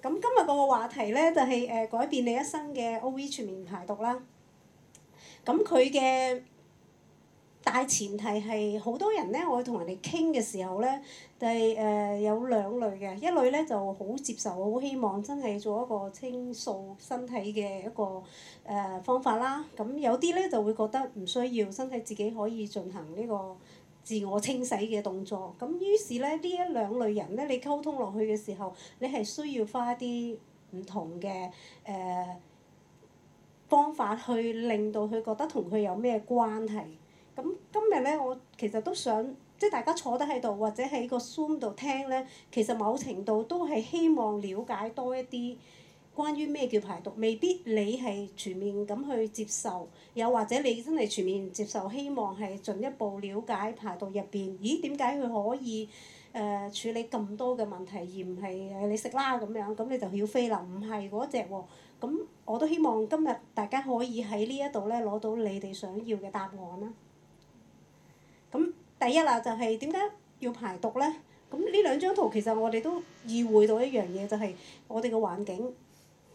咁今日個話題咧就係誒改變你一生嘅 O V 全面排毒啦。咁佢嘅大前提係好多人咧，我同人哋傾嘅時候咧，就係、是、誒有兩類嘅，一類咧就好接受，好希望真係做一個清掃身體嘅一個誒方法啦。咁有啲咧就會覺得唔需要，身體自己可以進行呢、這個。自我清洗嘅動作，咁於是咧，呢一兩類人咧，你溝通落去嘅時候，你係需要花一啲唔同嘅誒、呃、方法去令到佢覺得同佢有咩關係。咁今日咧，我其實都想，即係大家坐得喺度或者喺個 Zoom 度聽咧，其實某程度都係希望了解多一啲。關於咩叫排毒，未必你係全面咁去接受，又或者你真係全面接受，希望係進一步瞭解排毒入邊，咦點解佢可以誒處理咁多嘅問題，而唔係誒你食啦咁樣，咁你就要飛啦，唔係嗰隻喎。咁我都希望今日大家可以喺呢一度咧攞到你哋想要嘅答案啦。咁第一啦，就係點解要排毒咧？咁呢兩張圖其實我哋都意會到一樣嘢，就係我哋嘅環境。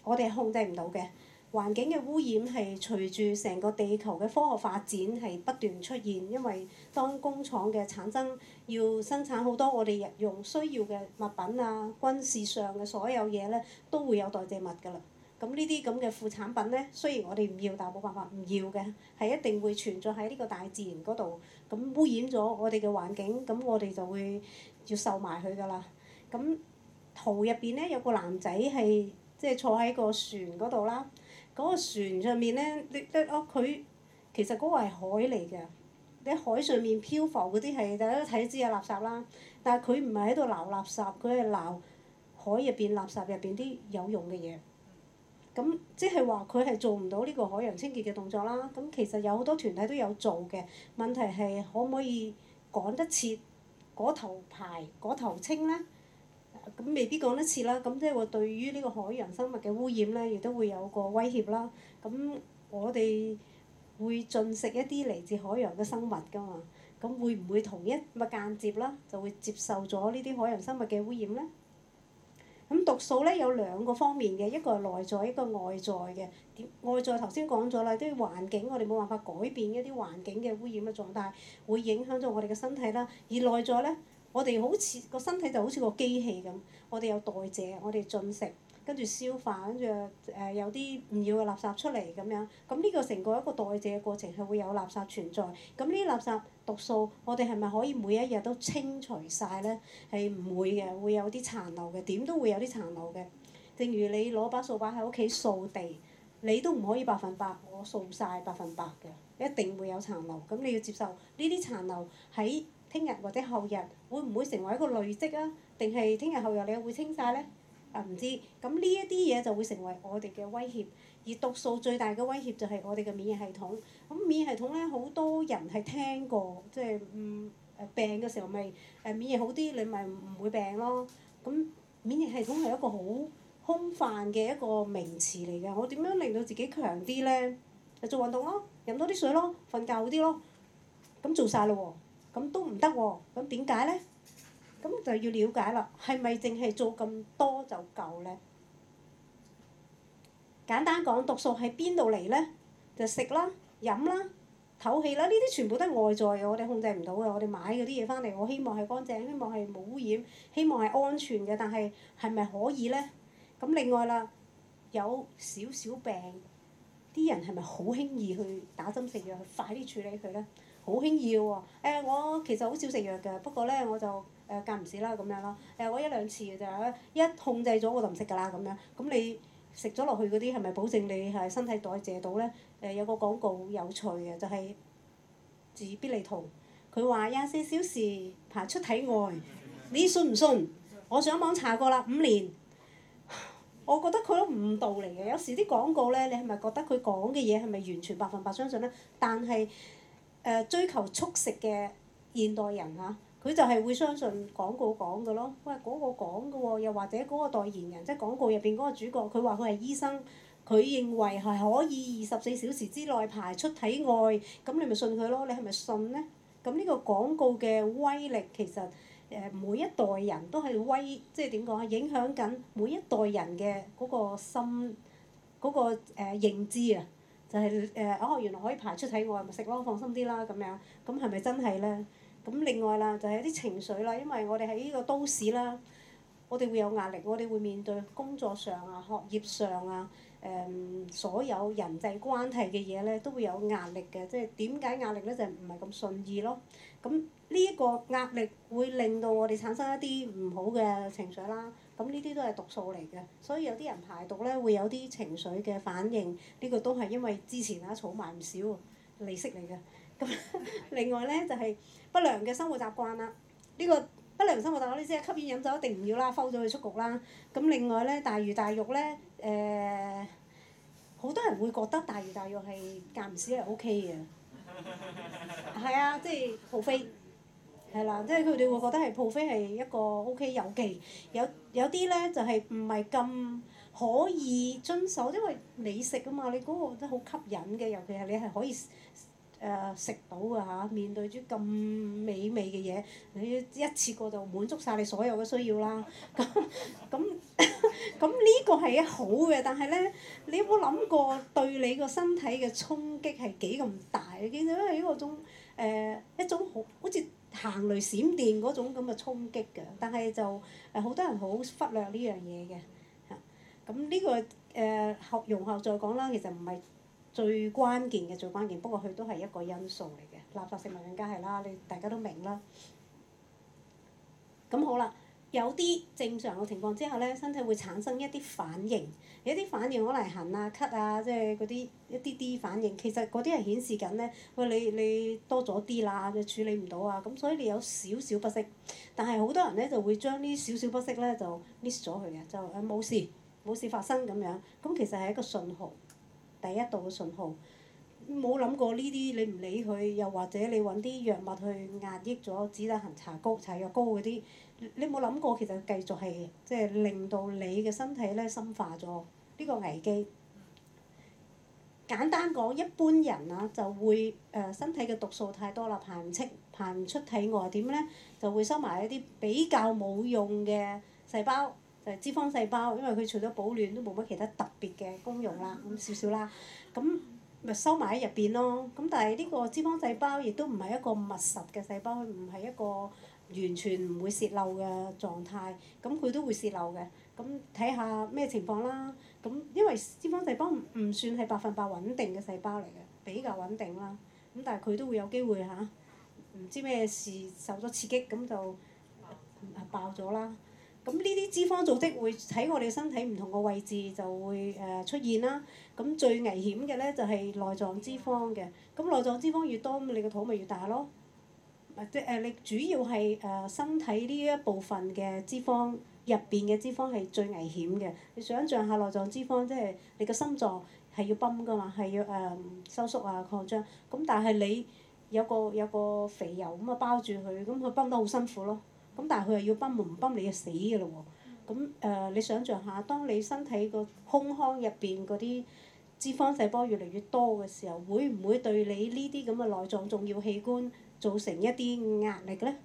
我哋係控制唔到嘅環境嘅污染係隨住成個地球嘅科學發展係不斷出現，因為當工廠嘅產生要生產好多我哋日用需要嘅物品啊，軍事上嘅所有嘢咧都會有代謝物㗎啦。咁呢啲咁嘅副產品咧，雖然我哋唔要，但係冇辦法唔要嘅，係一定會存在喺呢個大自然嗰度。咁污染咗我哋嘅環境，咁我哋就會要受埋佢㗎啦。咁圖入邊咧有個男仔係。即係坐喺個船嗰度啦，嗰個船上面咧，你一哦佢其實嗰個係海嚟嘅，你喺海上面漂浮嗰啲係大家睇都知係垃圾啦。但係佢唔係喺度撈垃圾，佢係撈海入邊垃圾入邊啲有用嘅嘢。咁即係話佢係做唔到呢個海洋清潔嘅動作啦。咁其實有好多團體都有做嘅，問題係可唔可以趕得切嗰頭排嗰頭清咧？咁未必講得切啦，咁即係話對於呢個海洋生物嘅污染咧，亦都會有個威脅啦。咁我哋會進食一啲嚟自海洋嘅生物㗎嘛，咁會唔會同一個間接啦，就會接受咗呢啲海洋生物嘅污染咧？咁毒素咧有兩個方面嘅，一個係內在，一個外在嘅。點外在頭先講咗啦，即係環境我哋冇辦法改變一啲環境嘅污染嘅狀態，會影響咗我哋嘅身體啦。而內在咧。我哋好似個身體就好似個機器咁，我哋有代謝，我哋進食，跟住消化，跟住誒有啲唔要嘅垃圾出嚟咁樣。咁呢、這個成個一個代謝嘅過程係會有垃圾存在。咁呢啲垃圾毒素，我哋係咪可以每一日都清除晒咧？係唔會嘅，會有啲殘留嘅，點都會有啲殘留嘅。正如你攞把掃把喺屋企掃地，你都唔可以百分百，我掃晒百分百嘅，一定會有殘留。咁你要接受呢啲殘留喺。聽日或者後日會唔會成為一個累積啊？定係聽日後日你會清晒咧？啊，唔知咁呢一啲嘢就會成為我哋嘅威脅。而毒素最大嘅威脅就係我哋嘅免疫系統。咁免疫系統咧，好多人係聽過，即係嗯病嘅時候咪誒免疫好啲，你咪唔會病咯。咁免疫系統係一個好空泛嘅一個名詞嚟嘅。我點樣令到自己強啲咧？就做運動咯，飲多啲水咯，瞓覺好啲咯。咁做晒咯喎！咁都唔得喎，咁點解咧？咁就要了解啦，係咪淨係做咁多就夠咧？簡單講，毒素喺邊度嚟咧？就食啦、飲啦、唞氣啦，呢啲全部都係外在嘅，我哋控制唔到嘅。我哋買嗰啲嘢翻嚟，我希望係乾淨，希望係冇污染，希望係安全嘅。但係係咪可以咧？咁另外啦，有少少病，啲人係咪好輕易去打針食藥去快啲處理佢咧？好輕易嘅喎，誒我其實好少食藥嘅，不過咧我就誒間唔時啦咁樣咯，誒我一兩次就係一控制咗我就唔食㗎啦咁樣，咁你食咗落去嗰啲係咪保證你係身體代謝到咧？誒有個廣告有趣嘅就係治比利酮，佢話廿四小時排出體外，你信唔信？我上網查過啦五年，我覺得佢都誤導嚟嘅。有時啲廣告咧，你係咪覺得佢講嘅嘢係咪完全百分百相信咧？但係。誒追求速食嘅現代人嚇，佢就係會相信廣告講嘅咯。喂，嗰、那個講嘅喎，又或者嗰個代言人，即係廣告入邊嗰個主角，佢話佢係醫生，佢認為係可以二十四小時之內排出體外，咁你咪信佢咯？你係咪信咧？咁呢個廣告嘅威力其實誒、呃、每一代人都係威，即係點講？影響緊每一代人嘅嗰個心嗰、那個誒、呃、認知啊！就係、是、誒，哦、呃，原來可以排出體外，咪食咯，放心啲啦咁樣。咁係咪真係咧？咁另外啦，就係、是、啲情緒啦，因為我哋喺呢個都市啦，我哋會有壓力，我哋會面對工作上啊、學業上啊、誒、嗯、所有人際關係嘅嘢咧，都會有壓力嘅。即係點解壓力咧？就唔係咁順意咯。咁呢一個壓力會令到我哋產生一啲唔好嘅情緒啦。咁呢啲都係毒素嚟嘅，所以有啲人排毒咧會有啲情緒嘅反應，呢、這個都係因為之前啊儲埋唔少利息嚟嘅。咁 另外咧就係、是、不良嘅生活習慣啦，呢、這個不良生活習慣你知啊，吸煙飲酒一定唔要啦，否咗佢出局啦。咁另外咧大魚大肉咧，誒、呃，好多人會覺得大魚大肉係間唔時係 OK 嘅，係 啊，即係豪費。係啦，即係佢哋會覺得係 po 飛係一個 OK 遊記，有有啲咧就係唔係咁可以遵守，因為美食啊嘛，你嗰個都好吸引嘅，尤其係你係可以誒、呃、食到啊嚇，面對住咁美味嘅嘢，你一次過就滿足晒你所有嘅需要啦。咁咁咁呢個係一好嘅，但係咧，你有冇諗過對你個身體嘅衝擊係幾咁大？其實都係一個種、呃、一種好好似。行雷閃電嗰種咁嘅衝擊嘅，但係就呃、好多人好忽略呢樣嘢嘅嚇，咁、嗯、呢、呢個誒後容後再講啦，其實唔係最關鍵嘅，最關鍵不過佢都係一個因素嚟嘅，垃圾食物更加係啦，你大家都明啦。咁好啦。有啲正常嘅情況之下咧，身體會產生一啲反應，有啲反應可能痕啊、咳啊，即係嗰啲一啲啲反應。其實嗰啲係顯示緊咧，佢你你多咗啲啦，你處理唔到啊，咁所以你有少少不適。但係好多人咧就會將呢少少不適咧就 miss 咗佢嘅，就誒冇事冇事發生咁樣。咁其實係一個信號，第一度嘅信號。冇諗過呢啲你唔理佢，又或者你揾啲藥物去壓抑咗，止得痕、搽膏、搽藥膏嗰啲。你冇諗過其實佢繼續係即係令到你嘅身體咧深化咗呢個危機。簡單講，一般人啊就會誒身體嘅毒素太多啦，排唔清、排唔出體外，點咧就會收埋一啲比較冇用嘅細胞，就係脂肪細胞，因為佢除咗保暖都冇乜其他特別嘅功用啦，咁少少啦。咁咪收埋喺入邊咯。咁但係呢個脂肪細胞亦都唔係一個密實嘅細胞，佢唔係一個。完全唔會洩漏嘅狀態，咁佢都會洩漏嘅。咁睇下咩情況啦。咁因為脂肪細胞唔算係百分百穩定嘅細胞嚟嘅，比較穩定啦。咁但係佢都會有機會嚇，唔知咩事受咗刺激，咁就、啊、爆咗啦。咁呢啲脂肪組織會喺我哋身體唔同嘅位置就會誒出現啦。咁最危險嘅咧就係內臟脂肪嘅。咁內臟脂肪越多，咁你個肚咪越大咯。即係誒，你主要係誒身體呢一部分嘅脂肪，入邊嘅脂肪係最危險嘅。你想象下內臟脂肪，即係你個心臟係要泵㗎嘛，係要誒、嗯、收縮啊擴張。咁但係你有個有個肥油咁啊包住佢，咁佢泵得好辛苦咯。咁但係佢係要泵，唔泵你就死㗎喇喎。咁誒、呃，你想象下，當你身體個胸腔入邊嗰啲脂肪細胞越嚟越多嘅時候，會唔會對你呢啲咁嘅內臟重要器官造成一啲壓力咧，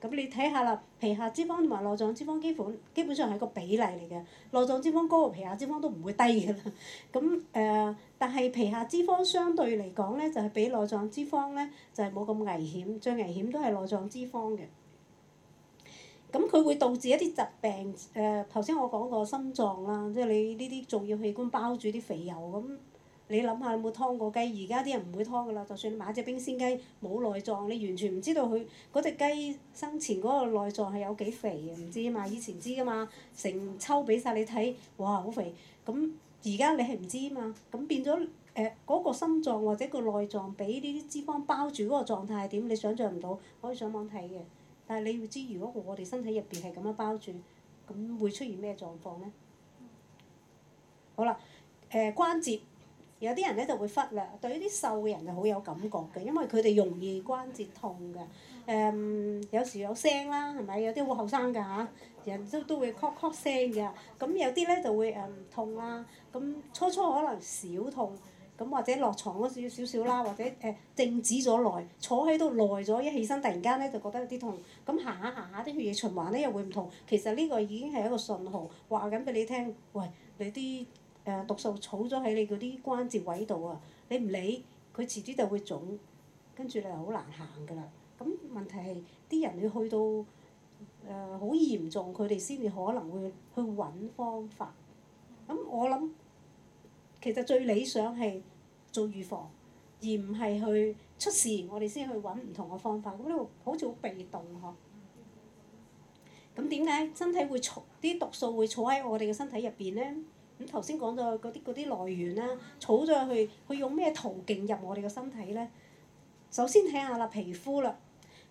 咁你睇下啦，皮下脂肪同埋內臟脂肪基本基本上係一個比例嚟嘅，內臟脂肪高，皮下脂肪都唔會低嘅啦。咁誒、呃，但係皮下脂肪相對嚟講咧，就係、是、比內臟脂肪咧，就係冇咁危險，最危險都係內臟脂肪嘅。咁佢會導致一啲疾病，誒頭先我講過心臟啦，即係你呢啲重要器官包住啲肥油咁。你諗下有冇劏過雞？而家啲人唔會劏噶啦，就算你買隻冰鮮雞，冇內臟，你完全唔知道佢嗰隻雞生前嗰個內臟係有幾肥嘅，唔知啊嘛。以前知噶嘛，成抽俾晒你睇，哇好肥！咁而家你係唔知啊嘛，咁變咗誒嗰個心臟或者個內臟俾呢啲脂肪包住嗰個狀態係點？你想像唔到，可以上網睇嘅。但係你要知，如果我哋身體入邊係咁樣包住，咁會出現咩狀況咧？好啦，誒、呃、關節。有啲人咧就會忽略，對於啲瘦嘅人就好有感覺嘅，因為佢哋容易關節痛嘅。誒、嗯，有時有聲啦，係咪？有啲會後生㗎嚇，人都都會 click click 聲嘅。咁有啲咧就會誒唔、嗯、痛啦，咁初初可能少痛，咁或者落床嗰時少少少啦，或者誒、呃、靜止咗耐，坐喺度耐咗，一起身突然間咧就覺得有啲痛。咁行下行下啲血液循環咧又會唔同，其實呢個已經係一個信號，話緊俾你聽，喂，你啲。誒，毒素儲咗喺你嗰啲關節位度啊！你唔理佢，遲啲就會腫，跟住你又好難行㗎啦。咁問題係啲人你去到誒，好嚴重，佢哋先至可能會去揾方法。咁我諗其實最理想係做預防，而唔係去出事，我哋先去揾唔同嘅方法。咁呢個好似好被動呵。咁點解身體會儲啲毒素會儲喺我哋嘅身體入邊咧？咁頭先講咗嗰啲嗰啲來源啦，儲咗去，佢用咩途徑入我哋個身體咧？首先睇下啦，皮膚啦，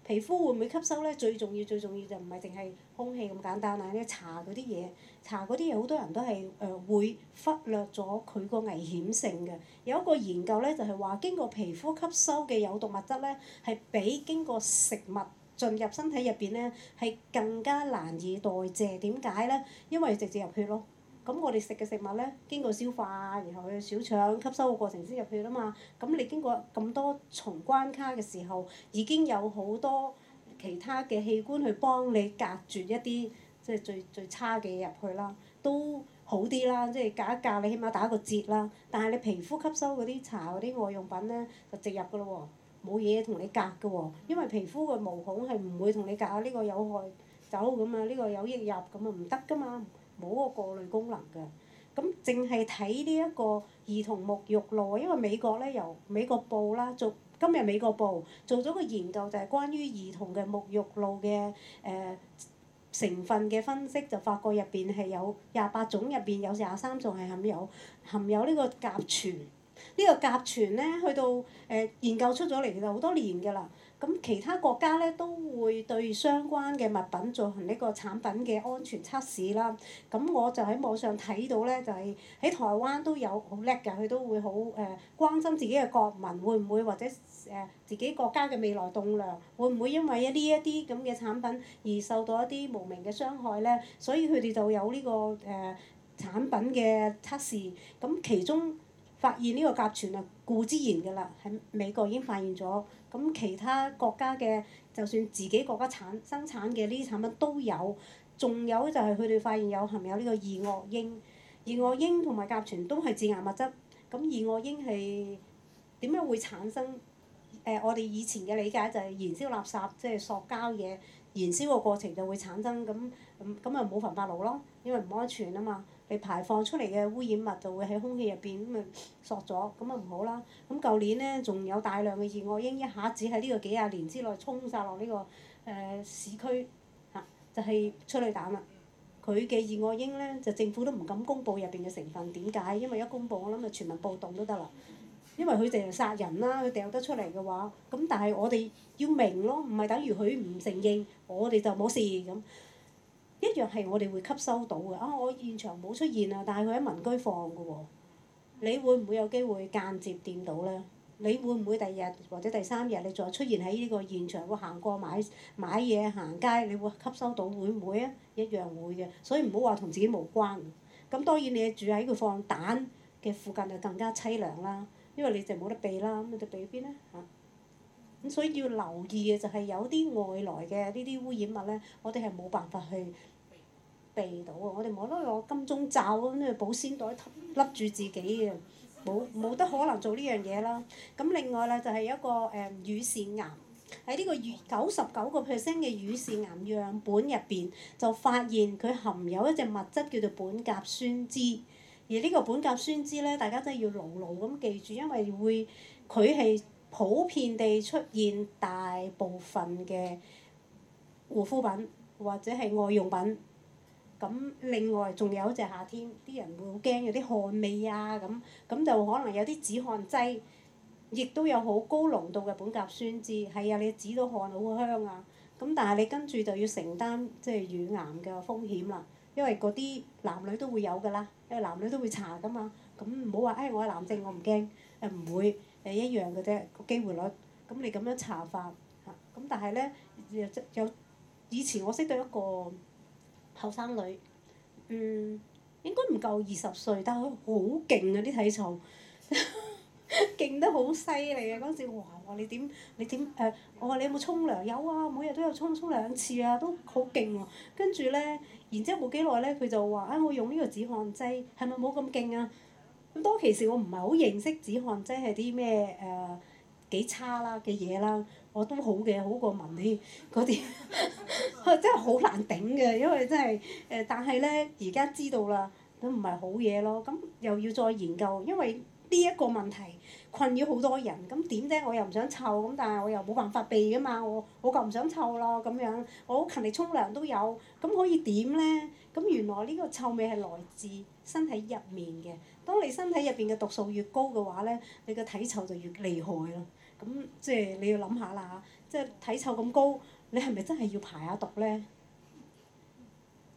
皮膚會唔會吸收咧？最重要最重要就唔係淨係空氣咁簡單啦。你搽嗰啲嘢，搽嗰啲嘢好多人都係誒會忽略咗佢個危險性嘅。有一個研究咧，就係話經過皮膚吸收嘅有毒物質咧，係比經過食物進入身體入邊咧係更加難以代謝。點解咧？因為直接入血咯。咁我哋食嘅食物咧，經過消化然後去小腸吸收嘅過程先入去啦嘛。咁你經過咁多重關卡嘅時候，已經有好多其他嘅器官去幫你隔絕一啲，即係最最差嘅嘢入去啦，都好啲啦，即係隔一隔你起碼打個折啦。但係你皮膚吸收嗰啲搽嗰啲外用品咧，就直入噶咯喎，冇嘢同你隔噶喎，因為皮膚嘅毛孔係唔會同你隔下呢、這個有害走咁啊，呢、這個有益入咁啊唔得噶嘛。這個冇個過濾功能嘅，咁淨係睇呢一個兒童沐浴露，因為美國咧，由美國報啦，做今日美國報做咗個研究，就係關於兒童嘅沐浴露嘅誒、呃、成分嘅分析，就發覺入邊係有廿八種，入邊有廿三種係含有含有呢個甲醛，呢、呢個甲醛咧，去到誒、呃、研究出咗嚟其實好多年㗎啦。咁其他國家咧都會對相關嘅物品進行呢個產品嘅安全測試啦。咁我就喺網上睇到咧，就係、是、喺台灣都有好叻嘅，佢都會好誒、呃、關心自己嘅國民會唔會或者誒、呃、自己國家嘅未來棟樑會唔會因為一呢一啲咁嘅產品而受到一啲無名嘅傷害咧？所以佢哋就有呢、這個誒、呃、產品嘅測試。咁其中發現呢個甲醛啊～固之然㗎啦，喺美國已經發現咗，咁其他國家嘅就算自己國家產生產嘅呢啲產品都有，仲有就係佢哋發現有含有呢個二惡英，二惡英同埋甲醛都係致癌物質，咁二惡英係點樣會產生？誒、呃，我哋以前嘅理解就係燃燒垃圾，即、就、係、是、塑膠嘢燃燒嘅過程就會產生，咁咁咁咪冇焚化爐咯，因為唔安全啊嘛。你排放出嚟嘅污染物就會喺空氣入邊，咁咪索咗，咁啊唔好啦。咁舊年咧仲有大量嘅二惡英一下子喺呢個幾廿年之內沖曬落呢個誒、呃、市區嚇、啊，就係催淚彈啦。佢嘅二惡英咧就政府都唔敢公佈入邊嘅成分，點解？因為一公佈我諗就全民暴動都得啦。因為佢淨係殺人啦，佢掟得出嚟嘅話，咁但係我哋要明咯，唔係等於佢唔承認，我哋就冇事咁。一樣係我哋會吸收到嘅。啊，我現場冇出現啊，但係佢喺民居放嘅喎，你會唔會有機會間接掂到咧？你會唔會第日或者第三日你再出現喺呢個現場？會行過買買嘢行街，你會吸收到會唔會啊？一樣會嘅，所以唔好話同自己無關。咁當然你住喺佢放蛋嘅附近就更加凄涼啦，因為你就冇得避啦，咁你避去邊咧？啊，咁所以要留意嘅就係有啲外來嘅呢啲污染物咧，我哋係冇辦法去避到啊！我哋冇得攞金鐘罩咁，呢個保鮮袋笠住自己啊，冇冇得可能做呢樣嘢啦。咁另外啦，就係、是、一個誒、嗯、乳腺癌喺呢個月九十九個 percent 嘅乳腺癌樣本入邊，就發現佢含有一隻物質叫做苯甲酸酯。而呢個苯甲酸酯咧，大家真係要牢牢咁記住，因為會佢係普遍地出現大部分嘅護膚品或者係外用品。咁另外仲有一隻夏天，啲人會好驚有啲汗味啊咁，咁就可能有啲止汗劑，亦都有好高濃度嘅苯甲酸酯，係啊，你止到汗好香啊！咁但係你跟住就要承擔即係乳癌嘅風險啦，因為嗰啲男女都會有㗎啦，因為男女都會查㗎嘛。咁唔好話誒，我係男性我，我唔驚，誒唔會誒一樣嘅啫，個機會率。咁你咁樣查法，咁但係咧有，有以前我識到一個後生女，嗯，應該唔夠二十歲，但佢好勁啊啲體重，勁得好犀利啊！嗰陣、 啊、時，我話：你點？你點？誒、呃，我、哦、話你有冇沖涼？有啊，每日都有沖沖兩次啊，都好勁喎。跟住咧，然之後冇幾耐咧，佢就話：啊、哎，我用呢個止汗劑，係咪冇咁勁啊？咁當其時我唔係好認識止汗劑係啲咩誒幾差啦嘅嘢啦。我都好嘅，好過聞你嗰啲， 真係好難頂嘅，因為真係誒，但係咧而家知道啦，都唔係好嘢咯，咁又要再研究，因為呢一個問題困擾好多人，咁點啫？我又唔想臭，咁但係我又冇辦法避噶嘛，我我就唔想臭咯咁樣，我勤力沖涼都有，咁可以點咧？咁原來呢個臭味係來自身體入面嘅，當你身體入邊嘅毒素越高嘅話咧，你個體臭就越厲害咯。咁即係你要諗下啦，即係體臭咁高，你係咪真係要排下毒咧？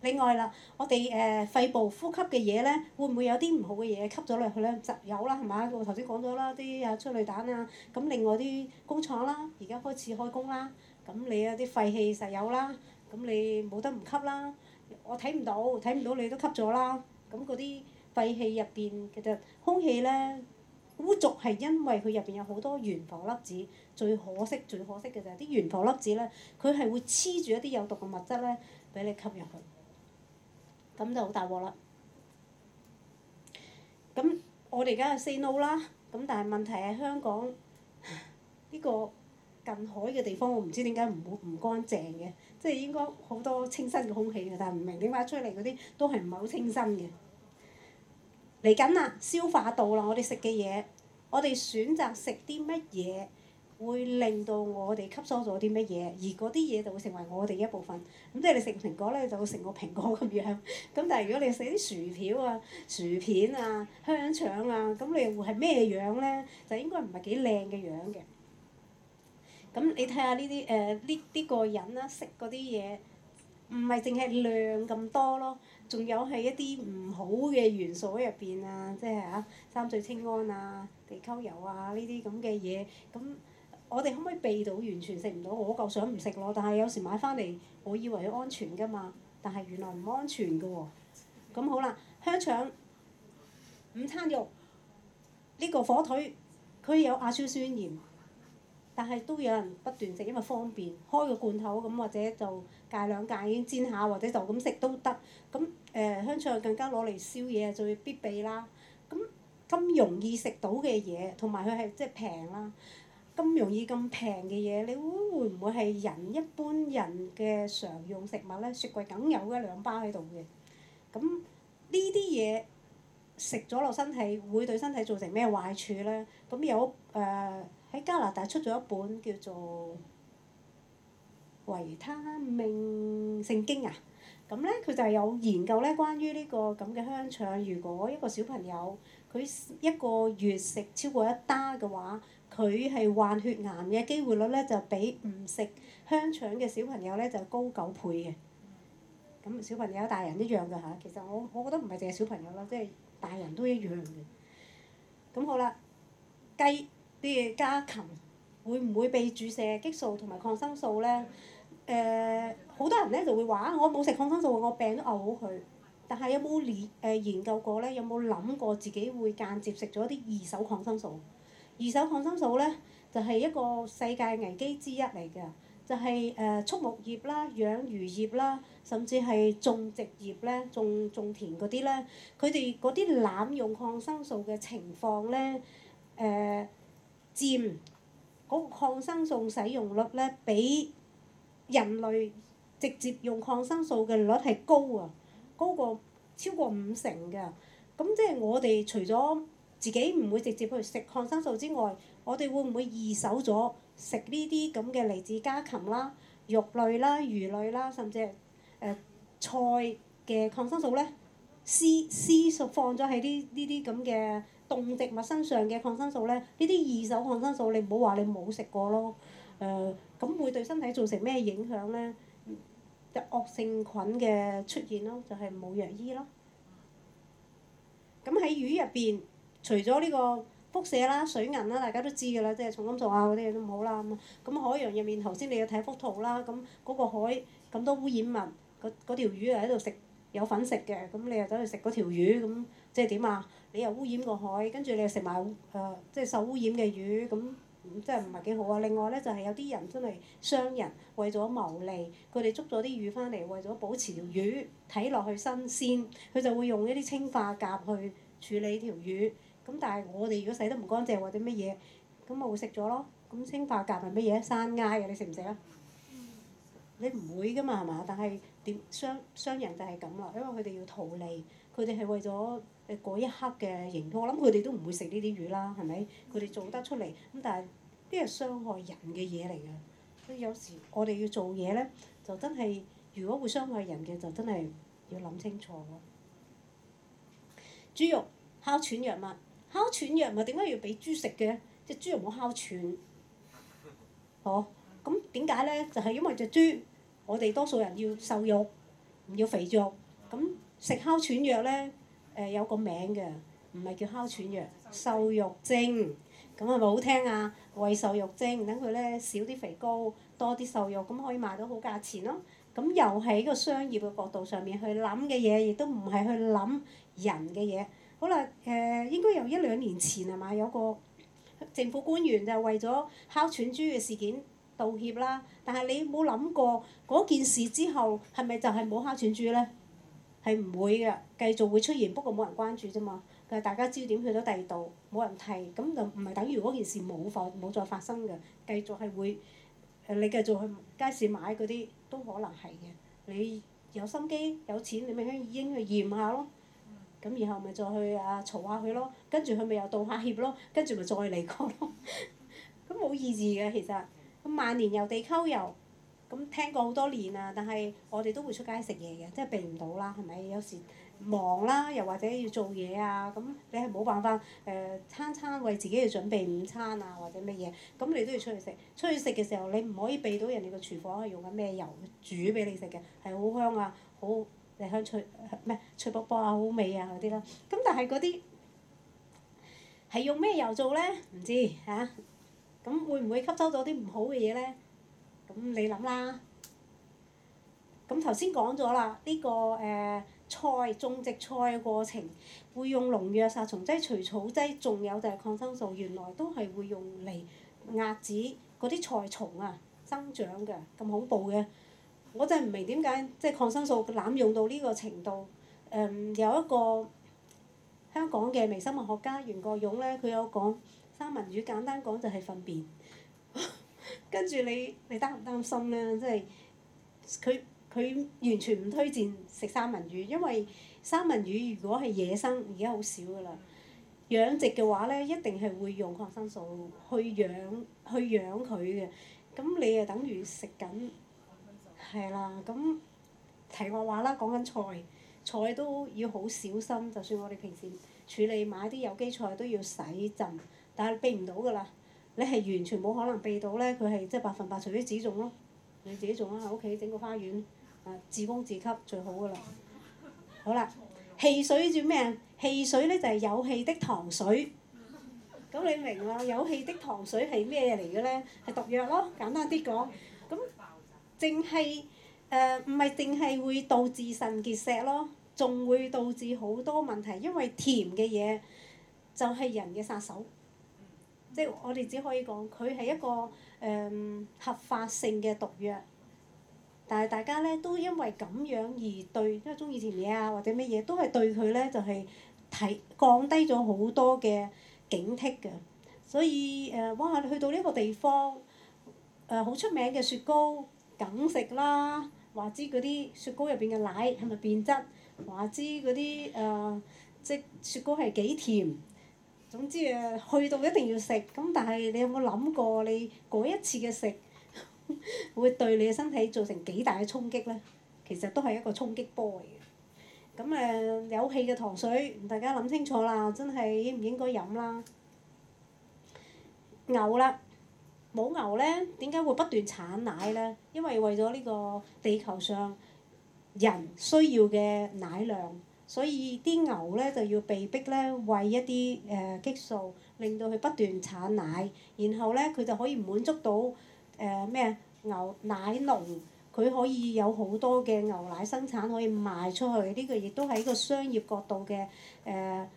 另外啦，我哋誒、呃、肺部呼吸嘅嘢咧，會唔會有啲唔好嘅嘢吸咗落去咧？有啦，係咪？我頭先講咗啦，啲啊催淚彈啊，咁另外啲工廠啦，而家開始開工啦，咁你啊啲廢氣實有啦，咁你冇得唔吸啦。我睇唔到，睇唔到你都吸咗啦，咁嗰啲廢氣入邊其實空氣咧。污濁係因為佢入邊有好多懸浮粒子，最可惜最可惜嘅就係啲懸浮粒子呢，佢係會黐住一啲有毒嘅物質呢，俾你吸入去，咁就好大禍大鑊啦。咁我哋而家 say no 啦，咁但係問題係香港呢、這個近海嘅地方，我唔知點解唔唔乾淨嘅，即係應該好多清新嘅空氣嘅，但係唔明點解出嚟嗰啲都係唔係好清新嘅。嚟緊啦，消化到啦！我哋食嘅嘢，我哋選擇食啲乜嘢，會令到我哋吸收咗啲乜嘢，而嗰啲嘢就會成為我哋嘅一部分。咁即係你食蘋果咧，就會成個蘋果咁樣。咁但係如果你食啲薯條啊、薯片啊、香腸啊，咁你會係咩樣咧？就應該唔係幾靚嘅樣嘅。咁你睇下呢啲誒呢呢個人啦，食嗰啲嘢，唔係淨係量咁多咯。仲有係一啲唔好嘅元素喺入邊啊，即係啊，三聚氰胺啊、地溝油啊呢啲咁嘅嘢，咁我哋可唔可以避到完全食唔到？我夠想唔食咯，但係有時買翻嚟，我以為佢安全噶嘛，但係原來唔安全噶喎、哦。咁好啦，香腸、午餐肉呢、呢個火腿，佢有亞硝酸鹽。但係都有人不斷食，因為方便，開個罐頭咁或者就芥兩芥已經煎下，或者就咁食都得。咁誒、呃、香腸更加攞嚟燒嘢最必備啦。咁咁容易食到嘅嘢，同埋佢係即係平啦。咁容易咁平嘅嘢，你會唔會係人一般人嘅常用食物咧？雪櫃梗有一兩包喺度嘅。咁呢啲嘢食咗落身體，會對身體造成咩壞處咧？咁有誒。呃喺加拿大出咗一本叫做維他命聖經啊，咁咧佢就係有研究咧，關於呢個咁嘅香腸，如果一個小朋友佢一個月食超過一打嘅話，佢係患血癌嘅機會率咧就比唔食香腸嘅小朋友咧就高九倍嘅。咁小朋友、大人一樣㗎嚇，其實我我覺得唔係淨係小朋友啦，即係大人都一樣嘅。咁好啦，雞。啲家禽會唔會被注射激素同埋抗生素咧？誒、呃，好多人咧就會話：我冇食抗生素，我病都熬好佢。但係有冇、呃、研究過咧？有冇諗過自己會間接食咗啲二手抗生素？二手抗生素咧，就係、是、一個世界危機之一嚟㗎，就係、是、誒、呃、畜牧業啦、養魚業啦，甚至係種植業咧、種種田嗰啲咧，佢哋嗰啲濫用抗生素嘅情況咧，誒、呃。佔嗰、個抗生素使用率咧，比人類直接用抗生素嘅率係高啊，高過超過五成㗎。咁即係我哋除咗自己唔會直接去食抗生素之外，我哋會唔會二手咗食呢啲咁嘅嚟自家禽啦、肉類啦、魚類啦，甚至係誒、呃、菜嘅抗生素咧，私私屬放咗喺啲呢啲咁嘅。這動植物身上嘅抗生素咧，呢啲二手抗生素你唔好話你冇食過咯。誒，咁會對身體造成咩影響咧？就惡性菌嘅出現咯，就係冇藥醫咯。咁喺魚入邊，除咗呢個輻射啦、水銀啦，大家都知㗎啦，即係重金屬啊嗰啲嘢都唔好啦咁啊。咁海洋入面，頭先你有睇幅圖啦，咁嗰個海咁多污染物，嗰嗰條魚又喺度食有粉食嘅，咁你又走去食嗰條魚，咁即係點啊？你又污染個海，跟住你又食埋誒，即係受污染嘅魚，咁即真係唔係幾好啊！另外咧，就係、是、有啲人真係商人為咗牟利，佢哋捉咗啲魚翻嚟，為咗保持條魚睇落去新鮮，佢就會用一啲氰化鈉去處理條魚。咁但係我哋如果洗得唔乾淨或者乜嘢，咁咪會食咗咯。咁氰化鈉係乜嘢？山埃啊！你食唔食啊？你唔會噶嘛係嘛？但係點商商人就係咁啦，因為佢哋要圖利，佢哋係為咗。嗰一刻嘅形狀，我諗佢哋都唔會食呢啲魚啦，係咪？佢哋做得出嚟，咁但係啲係傷害人嘅嘢嚟㗎。所以有時我哋要做嘢咧，就真係如果會傷害人嘅，就真係要諗清楚咯。豬 肉、哮喘藥物、哮喘藥物點解要俾豬食嘅？隻豬肉冇哮喘。 哦，咁點解咧？就係、是、因為隻豬，我哋多數人要瘦肉，唔要肥肉。咁食哮喘藥咧？誒、呃、有個名嘅，唔係叫哮喘藥瘦肉精，咁係咪好聽啊？喂，瘦肉精，等佢咧少啲肥膏，多啲瘦肉，咁可以賣到好價錢咯。咁又係喺個商業嘅角度上面去諗嘅嘢，亦都唔係去諗人嘅嘢。好啦，誒、呃、應該由一兩年前係嘛，有個政府官員就為咗哮喘豬嘅事件道歉啦。但係你冇諗過嗰件事之後係咪就係冇哮喘豬咧？係唔會嘅，繼續會出現，不過冇人關注啫嘛。佢大家焦點去咗第二度，冇人提，咁就唔係等於嗰件事冇發冇再發生嘅，繼續係會誒你繼續去街市買嗰啲都可能係嘅。你有心機有錢，你咪去應該去驗下咯。咁然後咪再去啊，吵下佢咯，跟住佢咪又道下歉咯，跟住咪再嚟過咯。咁 冇意義嘅其實，咁萬年油地溝油。咁聽過好多年啊，但係我哋都會出街食嘢嘅，即係避唔到啦，係咪？有時忙啦，又或者要做嘢啊，咁你係冇辦法誒、呃、餐餐為自己去準備午餐啊，或者咩嘢？咁你都要出去食。出去食嘅時候，你唔可以避到人哋個廚房係用緊咩油煮俾你食嘅，係好香啊，好誒香脆，唔、呃、係脆卜卜啊，好味啊嗰啲啦。咁但係嗰啲係用咩油做咧？唔知嚇。咁、啊、會唔會吸收咗啲唔好嘅嘢咧？咁、嗯、你諗啦？咁頭先講咗啦，呢、這個誒、呃、菜種植菜嘅過程會用農藥、殺蟲劑、除草劑，仲有就係抗生素，原來都係會用嚟壓止嗰啲菜蟲啊生長嘅，咁恐怖嘅！我真係唔明點解即係抗生素濫用到呢個程度。誒、呃，有一個香港嘅微生物學家袁國勇咧，佢有講，三文魚簡單講就係糞便。跟住你，你擔唔擔心咧？即係佢佢完全唔推薦食三文魚，因為三文魚如果係野生，而家好少噶啦。養殖嘅話咧，一定係會用抗生素去養去養佢嘅。咁你誒等於食緊，係啦。咁題外話啦，講緊菜菜都要好小心。就算我哋平時處理買啲有機菜，都要洗浸，但係避唔到噶啦。你係完全冇可能避到咧，佢係即係百分百，除非自己種咯，你自己種啊，喺屋企整個花園，啊，自供自給最好噶啦。好啦，汽水叫咩啊？汽水咧就係有汽的糖水。咁你明啦，有汽的糖水係咩嚟嘅咧？係毒藥咯，簡單啲講，咁，淨係誒唔係淨係會導致腎結石咯，仲會導致好多問題，因為甜嘅嘢就係人嘅殺手。即我哋只可以講，佢係一個誒、嗯、合法性嘅毒藥，但係大家咧都因為咁樣而對因為中意甜嘢啊，或者乜嘢都係對佢咧就係提降低咗好多嘅警惕嘅，所以誒，哇、呃！去到呢個地方誒好出名嘅雪糕梗食啦，話之嗰啲雪糕入邊嘅奶係咪變質，話之嗰啲誒即雪糕係幾甜。總之啊，去到一定要食，咁但係你有冇諗過你嗰一次嘅食會對你嘅身體造成幾大嘅衝擊呢？其實都係一個衝擊波嚟嘅。咁誒有氣嘅糖水，大家諗清楚啦，真係應唔應該飲啦？牛啦，冇牛呢，點解會不斷產奶呢？因為為咗呢個地球上人需要嘅奶量。所以啲牛咧就要被逼咧餵一啲誒、呃、激素，令到佢不斷產奶，然後咧佢就可以滿足到誒咩啊牛奶農，佢可以有好多嘅牛奶生產可以賣出去，呢、這個亦都係一個商業角度嘅誒、呃、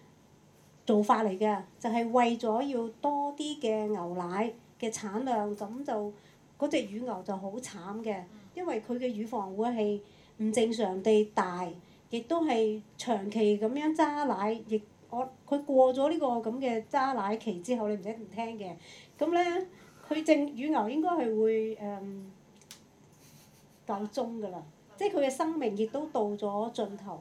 做法嚟嘅，就係、是、為咗要多啲嘅牛奶嘅產量，咁就嗰隻、那個、乳牛就好慘嘅，因為佢嘅乳房會係唔正常地大。亦都係長期咁樣揸奶，亦我佢過咗呢個咁嘅揸奶期之後，你唔使唔聽嘅。咁咧，佢正乳牛應該係會誒夠鐘㗎啦，即係佢嘅生命亦都到咗盡頭，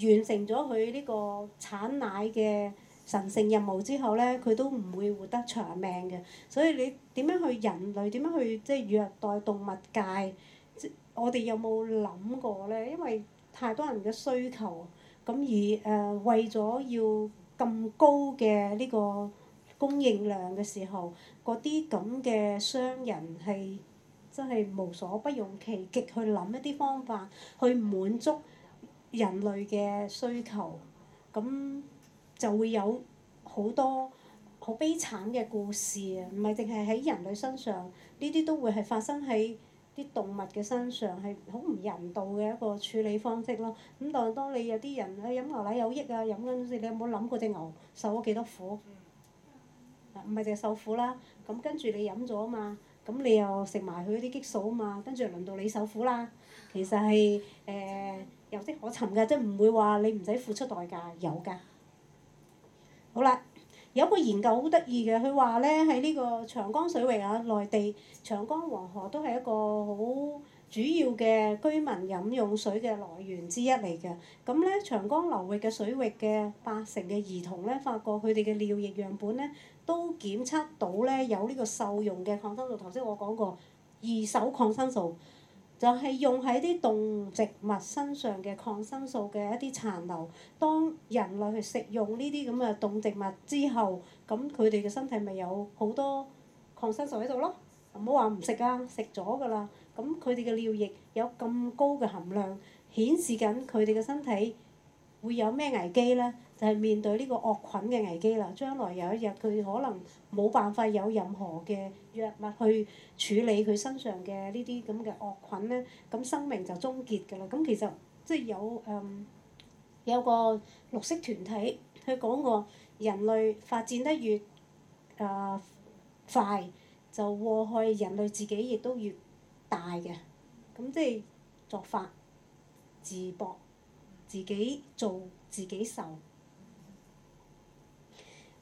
完成咗佢呢個產奶嘅神聖任務之後咧，佢都唔會活得長命嘅。所以你點樣去人類，點樣去即係虐待動物界？我哋有冇諗過咧？因為太多人嘅需求，咁而誒為咗要咁高嘅呢個供應量嘅時候，嗰啲咁嘅商人係真係無所不用其極去諗一啲方法去滿足人類嘅需求，咁就會有好多好悲慘嘅故事啊！唔係淨係喺人類身上，呢啲都會係發生喺。啲動物嘅身上係好唔人道嘅一個處理方式咯。咁但係當你有啲人去飲、啊、牛奶有益啊，飲嗰陣時你有冇諗過隻牛受咗幾多苦？嗯、啊，唔係淨係受苦啦。咁跟住你飲咗嘛，咁你又食埋佢啲激素啊嘛，跟住輪到你受苦啦。其實係誒，有、呃、跡、嗯、可尋㗎，即係唔會話你唔使付出代價，有㗎。好啦。有個研究好得意嘅，佢話咧喺呢個長江水域啊，內地長江、黃河都係一個好主要嘅居民飲用水嘅來源之一嚟嘅。咁咧長江流域嘅水域嘅八成嘅兒童咧，發覺佢哋嘅尿液樣本咧都檢測到咧有呢個獸用嘅抗生素。頭先我講過二手抗生素。就係用喺啲動植物身上嘅抗生素嘅一啲殘留，當人類去食用呢啲咁嘅動植物之後，咁佢哋嘅身體咪有好多抗生素喺度咯。唔好話唔食啊，食咗㗎啦。咁佢哋嘅尿液有咁高嘅含量，顯示緊佢哋嘅身體會有咩危機咧？就係面對呢個惡菌嘅危機啦！將來有一日佢可能冇辦法有任何嘅藥物去處理佢身上嘅呢啲咁嘅惡菌咧，咁生命就終結㗎啦！咁、嗯、其實即係、就是、有誒、嗯、有個綠色團體，佢講過人類發展得越誒、呃、快，就禍害人類自己亦都越大嘅，咁、嗯、即係作法自斃，自己做自己受。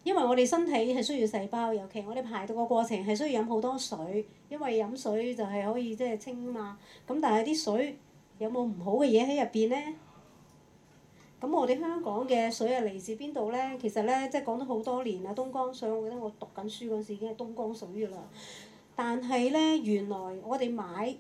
因為我哋身體係需要細胞，尤其我哋排毒嘅過程係需要飲好多水，因為飲水就係可以即係清嘛。咁但係啲水有冇唔好嘅嘢喺入邊咧？咁我哋香港嘅水係嚟自邊度咧？其實咧，即係講咗好多年啦。東江水，我記得我讀緊書嗰時已經係東江水噶啦。但係咧，原來我哋買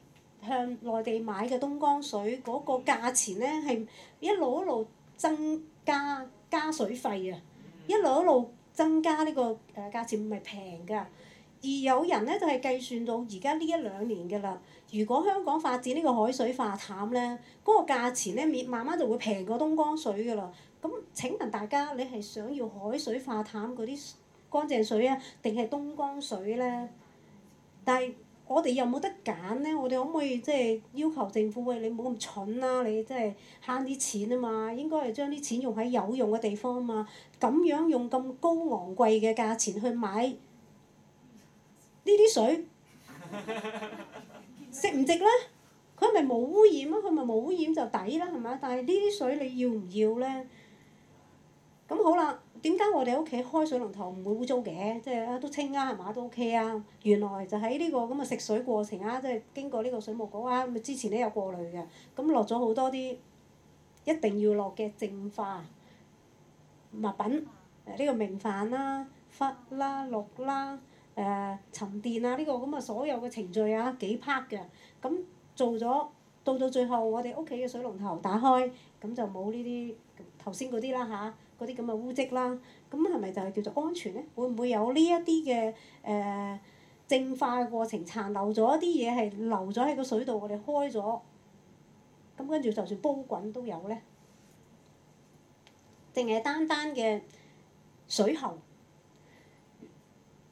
向內地買嘅東江水嗰個價錢咧，係一路一路增加加水費啊！一路一路。增加呢個誒價錢唔係平㗎，而有人咧就係、是、計算到而家呢一兩年㗎啦，如果香港發展呢個海水化淡咧，嗰、那個價錢咧慢慢就會平過東江水㗎啦。咁請問大家，你係想要海水化淡嗰啲乾淨水啊，定係東江水咧？但係。我哋又冇得揀咧，我哋可唔可以即係要求政府，喂你冇咁蠢啦，你即係慳啲錢啊嘛，應該係將啲錢用喺有用嘅地方啊嘛，咁樣用咁高昂貴嘅價錢去買呢啲水， 食唔值咧？佢係咪冇污染啊？佢係咪冇污染就抵啦，係咪啊？但係呢啲水你要唔要咧？咁好啦。點解我哋屋企開水龍頭唔會污糟嘅？即係啊，都清啊，係嘛，都 O K 啊。原來就喺呢個咁嘅食水過程啊，即係經過呢個水務局啊，咁之前咧有過濾嘅。咁落咗好多啲，一定要落嘅淨化物品，誒呢個明礬啦、氟啦、氯啦、誒沉澱啊，呢個咁嘅所有嘅程序啊，幾 part 嘅。咁做咗到到最後，我哋屋企嘅水龍頭打開，咁就冇呢啲頭先嗰啲啦嚇。嗰啲咁嘅污跡啦，咁係咪就係叫做安全咧？會唔會有呢一啲嘅誒淨化嘅過程殘留咗一啲嘢係留咗喺個水度？我哋開咗，咁跟住就算煲滾都有咧，淨係單單嘅水喉？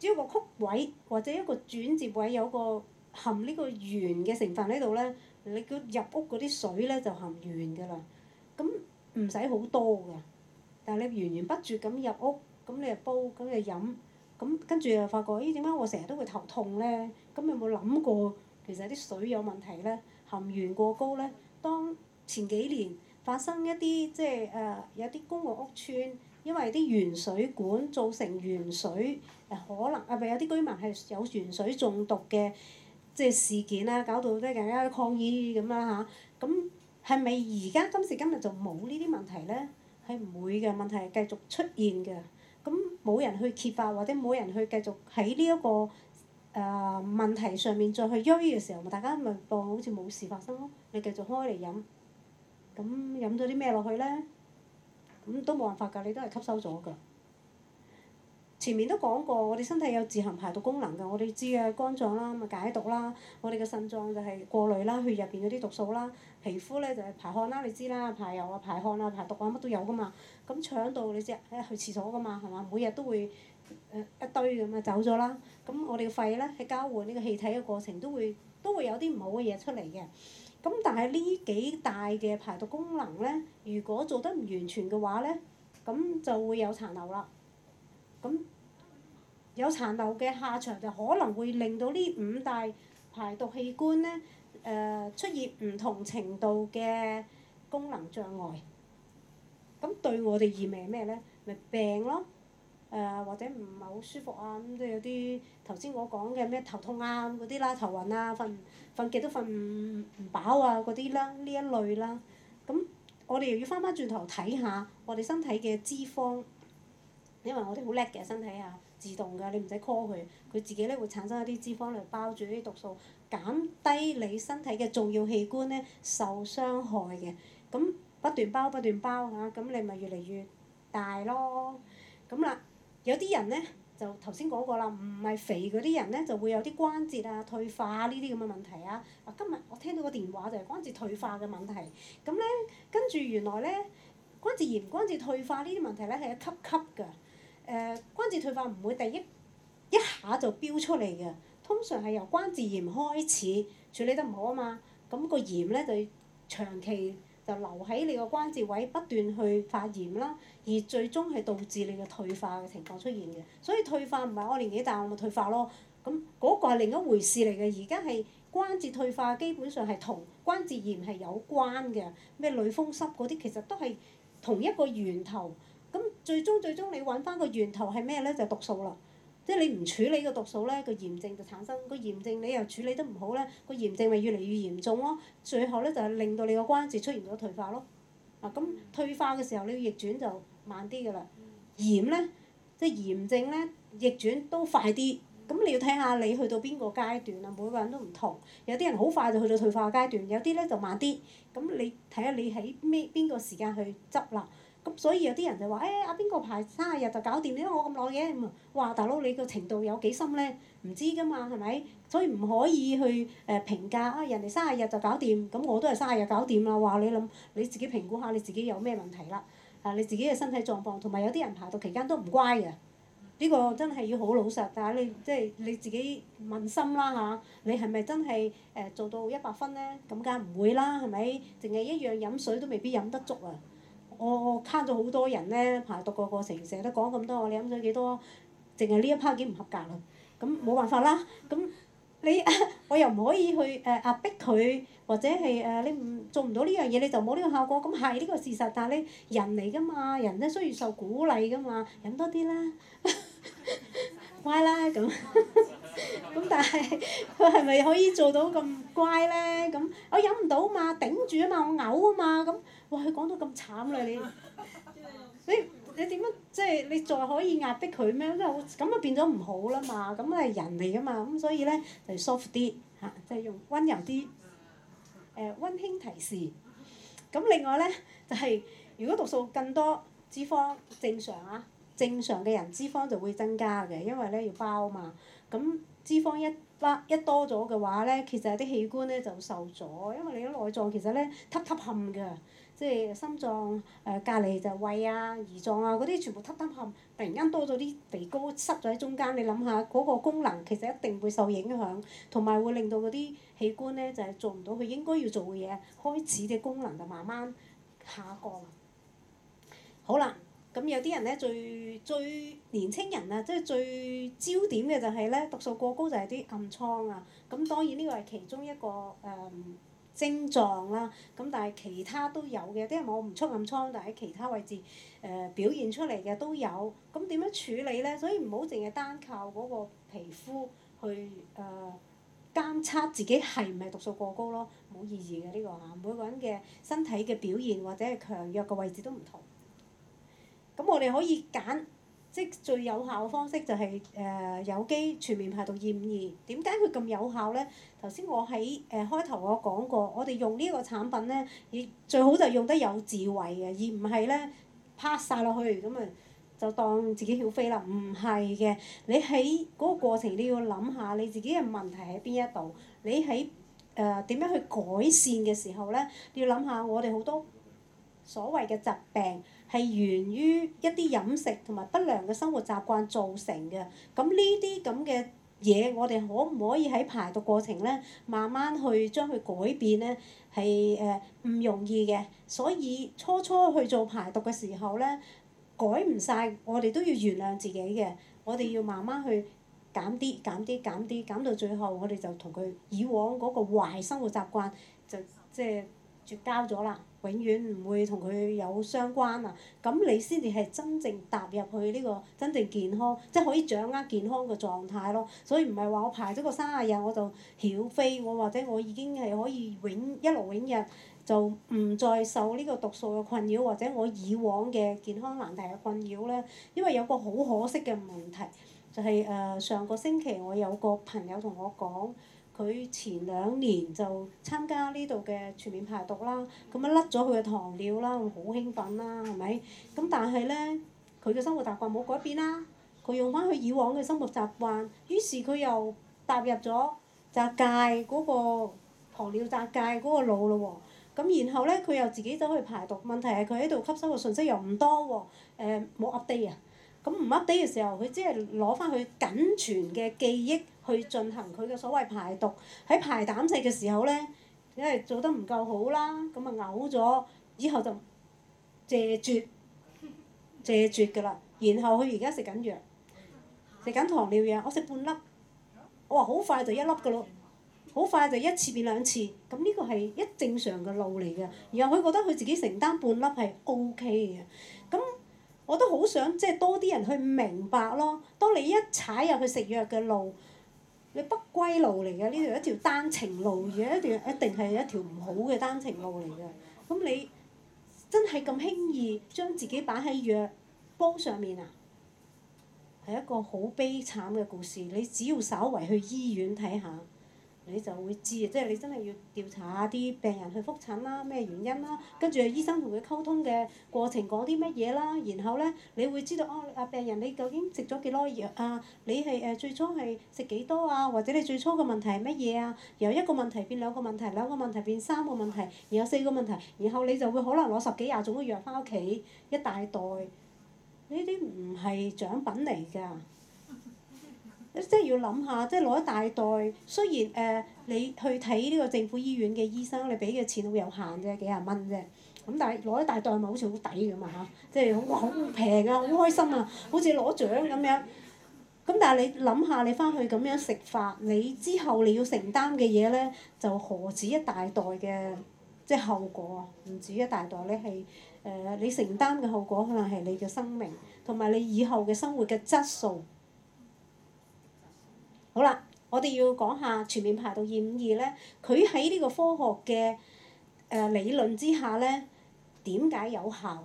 只要個曲位或者一個轉接位有個含呢個鉛嘅成分喺度咧，你個入屋嗰啲水咧就含鉛㗎啦，咁唔使好多㗎。但係你源源不絕咁入屋，咁你又煲，咁你又飲，咁跟住又發覺，咦，點解我成日都會頭痛咧？咁你有冇諗過其實啲水有問題咧，含鉛過高咧？當前幾年發生一啲即係誒有啲公共屋邨，因為啲鉛水管造成鉛水誒可能啊，咪有啲居民係有鉛水中毒嘅，即係事件啦，搞到大家抗議咁啦嚇，咁係咪而家今時今日就冇呢啲問題咧？係唔會嘅問題係繼續出現嘅，咁冇人去揭發或者冇人去繼續喺呢一個誒、呃、問題上面再去喐嘅時候，大家咪當好似冇事發生咯。你繼續開嚟飲，咁飲咗啲咩落去咧？咁都冇辦法㗎，你都係吸收咗㗎。前面都講過，我哋身體有自行排毒功能㗎。我哋知啊，肝臟啦，咪解毒啦；我哋嘅腎臟就係過濾啦，血入邊嗰啲毒素啦；皮膚咧就係排汗啦，你知啦，排油啊、排汗啊、排毒啊，乜都有㗎嘛。咁腸道你知，誒、哎、去廁所㗎嘛，係嘛？每日都會誒、呃、一堆咁啊走咗啦。咁我哋嘅肺咧，喺交換呢個氣體嘅過程，都會都會有啲唔好嘅嘢出嚟嘅。咁但係呢幾大嘅排毒功能咧，如果做得唔完全嘅話咧，咁就會有殘留啦。咁有殘留嘅下場就可能會令到呢五大排毒器官咧，誒、出現唔同程度嘅功能障礙。咁對我哋意味係咩咧？咪病咯，誒或者唔係好舒服啊咁，都有啲頭先我講嘅咩頭痛啊咁嗰啲啦，頭暈啊，瞓瞓極都瞓唔唔飽啊嗰啲啦，呢一類啦。咁我哋要翻翻轉頭睇下我哋身體嘅脂肪，因為我哋好叻嘅身體啊。自動㗎，你唔使 call 佢，佢自己咧會產生一啲脂肪嚟包住啲毒素，減低你身體嘅重要器官咧受傷害嘅。咁不斷包不斷包嚇，咁你咪越嚟越大咯。咁啦，有啲人咧就頭先講過啦，唔係肥嗰啲人咧就會有啲關節啊退化呢啲咁嘅問題啊。嗱，今日我聽到個電話就係關節退化嘅問題，咁咧跟住原來咧關節炎、關節退化呢啲問題咧係一級級㗎。誒、呃、關節退化唔會第一一下就飆出嚟嘅，通常係由關節炎開始處理得唔好啊嘛，咁、那個炎咧就要長期就留喺你個關節位不斷去發炎啦，而最終係導致你嘅退化嘅情況出現嘅。所以退化唔係我年紀大我咪退化咯，咁、那、嗰個係另一回事嚟嘅。而家係關節退化基本上係同關節炎係有關嘅，咩類風濕嗰啲其實都係同一個源頭。咁最終最終你揾翻個源頭係咩咧？就係毒素啦，即係你唔處理個毒素咧，個炎症就產生；個炎症你又處理得唔好咧，個炎症咪越嚟越嚴重咯。最後咧就令到你個關節出現咗退化咯。啊，咁退化嘅時候你要逆轉就慢啲㗎啦。炎咧，即係炎症咧，逆轉都快啲。咁你要睇下你去到邊個階段啦，每個人都唔同。有啲人好快就去到退化階段，有啲咧就慢啲。咁你睇下你喺咩邊個時間去執啦。咁所以有啲人就話，誒阿邊個排三十日就搞掂，點解我咁耐嘅？咁啊，話大佬你個程度有幾深咧？唔知噶嘛，係咪？所以唔可以去誒評價啊！哎、人哋三十日就搞掂，咁我都係三十日搞掂啦。話你諗你自己評估下你，你自己有咩問題啦？啊，你自己嘅身體狀況，同埋有啲人排毒期間都唔乖嘅。呢、呢個真係要好老實啊！但係你即係、即係、你自己問心啦嚇，你係咪真係誒做到一百分咧？咁梗係唔會啦，係咪？淨係一樣飲水都未必飲得足啊！我我卡咗好多人咧，排毒個過程成日都講咁多，你飲咗幾多？淨係呢一 part 幾唔合格啦，咁冇辦法啦，咁你我又唔可以去誒壓迫佢，或者係誒、呃、你唔做唔到呢樣嘢你就冇呢個效果，咁係呢個事實。但係咧，人嚟噶嘛，人咧需要受鼓勵噶嘛，飲多啲啦， 乖啦咁。 咁但係佢係咪可以做到咁乖咧？咁我飲唔到啊嘛，頂住啊嘛，我嘔啊嘛咁。哇！佢講到咁慘啊你，你你點樣即係你再可以壓迫佢咩？真係好咁啊，變咗唔好啦嘛。咁啊係人嚟噶嘛，咁所以咧就 soft 啲吓，即係用温柔啲，誒温馨提示。咁另外咧就係如果毒素更多，脂肪正常啊，正常嘅人脂肪就會增加嘅，因為咧要包啊嘛。咁脂肪一一多咗嘅話咧，其實啲器官咧就受咗，因為你啲內臟其實咧塌塌陷㗎，即係心臟誒、呃、隔籬就胃啊、胰臟啊嗰啲全部塌塌陷，突然間多咗啲肥膏塞咗喺中間，你諗下嗰個功能其實一定會受影響，同埋會令到嗰啲器官咧就係、是、做唔到佢應該要做嘅嘢，開始嘅功能就慢慢下降。好啦。咁有啲人咧最最年青人啊，即係最焦點嘅就係咧毒素過高就係啲暗瘡啊。咁當然呢個係其中一個誒、嗯、症狀啦、啊。咁但係其他都有嘅，即係我唔出暗瘡，但係喺其他位置誒、呃、表現出嚟嘅都有。咁點樣處理咧？所以唔好淨係單靠嗰個皮膚去誒監測自己係唔係毒素過高咯，冇意義嘅呢、這個嚇、啊。每個人嘅身體嘅表現或者係強弱嘅位置都唔同。咁我哋可以揀，即最有效嘅方式就係、是、誒、呃、有機全面排毒二五二。點解佢咁有效咧？頭先我喺誒、呃、開頭我講過，我哋用呢個產品咧，而最好就用得有智慧嘅，而唔係咧，拍晒落去咁啊，就當自己曉飛啦。唔係嘅，你喺嗰個過程你要諗下你自己嘅問題喺邊一度，你喺誒點樣去改善嘅時候咧，你要諗下我哋好多所謂嘅疾病。係源於一啲飲食同埋不良嘅生活習慣造成嘅，咁呢啲咁嘅嘢，我哋可唔可以喺排毒過程咧，慢慢去將佢改變咧？係誒唔容易嘅，所以初初去做排毒嘅時候咧，改唔晒，我哋都要原諒自己嘅，我哋要慢慢去減啲減啲減啲，減，減，減，減，減到最後，我哋就同佢以往嗰個壞生活習慣就即係、就是、絕交咗啦。永遠唔會同佢有相關啊！咁你先至係真正踏入去呢個真正健康，即可以掌握健康嘅狀態咯。所以唔係話我排咗個卅日我就曉飛，我或者我已經係可以永一勞永逸就唔再受呢個毒素嘅困擾，或者我以往嘅健康難題嘅困擾咧。因為有個好可惜嘅問題，就係、是、誒上個星期我有個朋友同我講。佢前兩年就參加呢度嘅全面排毒啦，咁樣甩咗佢嘅糖尿啦，好興奮啦，係咪？咁但係咧，佢嘅生活習慣冇改變啦，佢用翻佢以往嘅生活習慣，於是佢又踏入咗扎界嗰個糖尿扎界嗰個腦咯喎。咁然後咧，佢又自己走去排毒，問題係佢喺度吸收嘅信息又唔多喎，誒冇 update 啊。咁唔 update 嘅時候，佢只係攞翻佢僅存嘅記憶。去進行佢嘅所謂排毒，喺排膽石嘅時候咧，因為做得唔夠好啦，咁啊嘔咗，以後就謝絕謝絕㗎啦。然後佢而家食緊藥，食緊糖尿藥，我食半粒，我話好快就一粒㗎咯，好快就一次變兩次，咁呢個係一正常嘅路嚟嘅。然後佢覺得佢自己承擔半粒係 OK 嘅，咁我都好想即係、就是、多啲人去明白咯。當你一踩入去食藥嘅路，你不歸路嚟嘅，呢度一條單程路嘅，一條一定係一條唔好嘅單程路嚟嘅。咁你真係咁輕易將自己擺喺藥煲上面啊？係一個好悲慘嘅故事。你只要稍為去醫院睇下。你就會知，即係你真係要調查下啲病人去覆診啦，咩原因啦，跟住啊醫生同佢溝通嘅過程講啲乜嘢啦，然後咧你會知道哦啊病人你究竟食咗幾多藥啊？你係誒最初係食幾多啊？或者你最初嘅問題係乜嘢啊？由一個問題變兩個問題，兩個問題變三個問題，然後四個問題，然後你就會可能攞十幾廿種嘅藥翻屋企，一大袋。呢啲唔係獎品嚟㗎。即係要諗下，即係攞一大袋。雖然誒、呃，你去睇呢個政府醫院嘅醫生，你俾嘅錢會有限啫，幾十蚊啫。咁但係攞一大袋咪好似好抵㗎嘛，即係好好平啊，好開心啊，好似攞獎咁樣。咁但係你諗下，你翻去咁樣食法，你之後你要承擔嘅嘢咧，就何止一大袋嘅，即係後果啊？唔止一大袋咧，係誒、呃、你承擔嘅後果，可能係你嘅生命，同埋你以後嘅生活嘅質素。好啦，我哋要講下全面排毒二五二咧，佢喺呢個科學嘅誒、呃、理論之下咧，點解有效？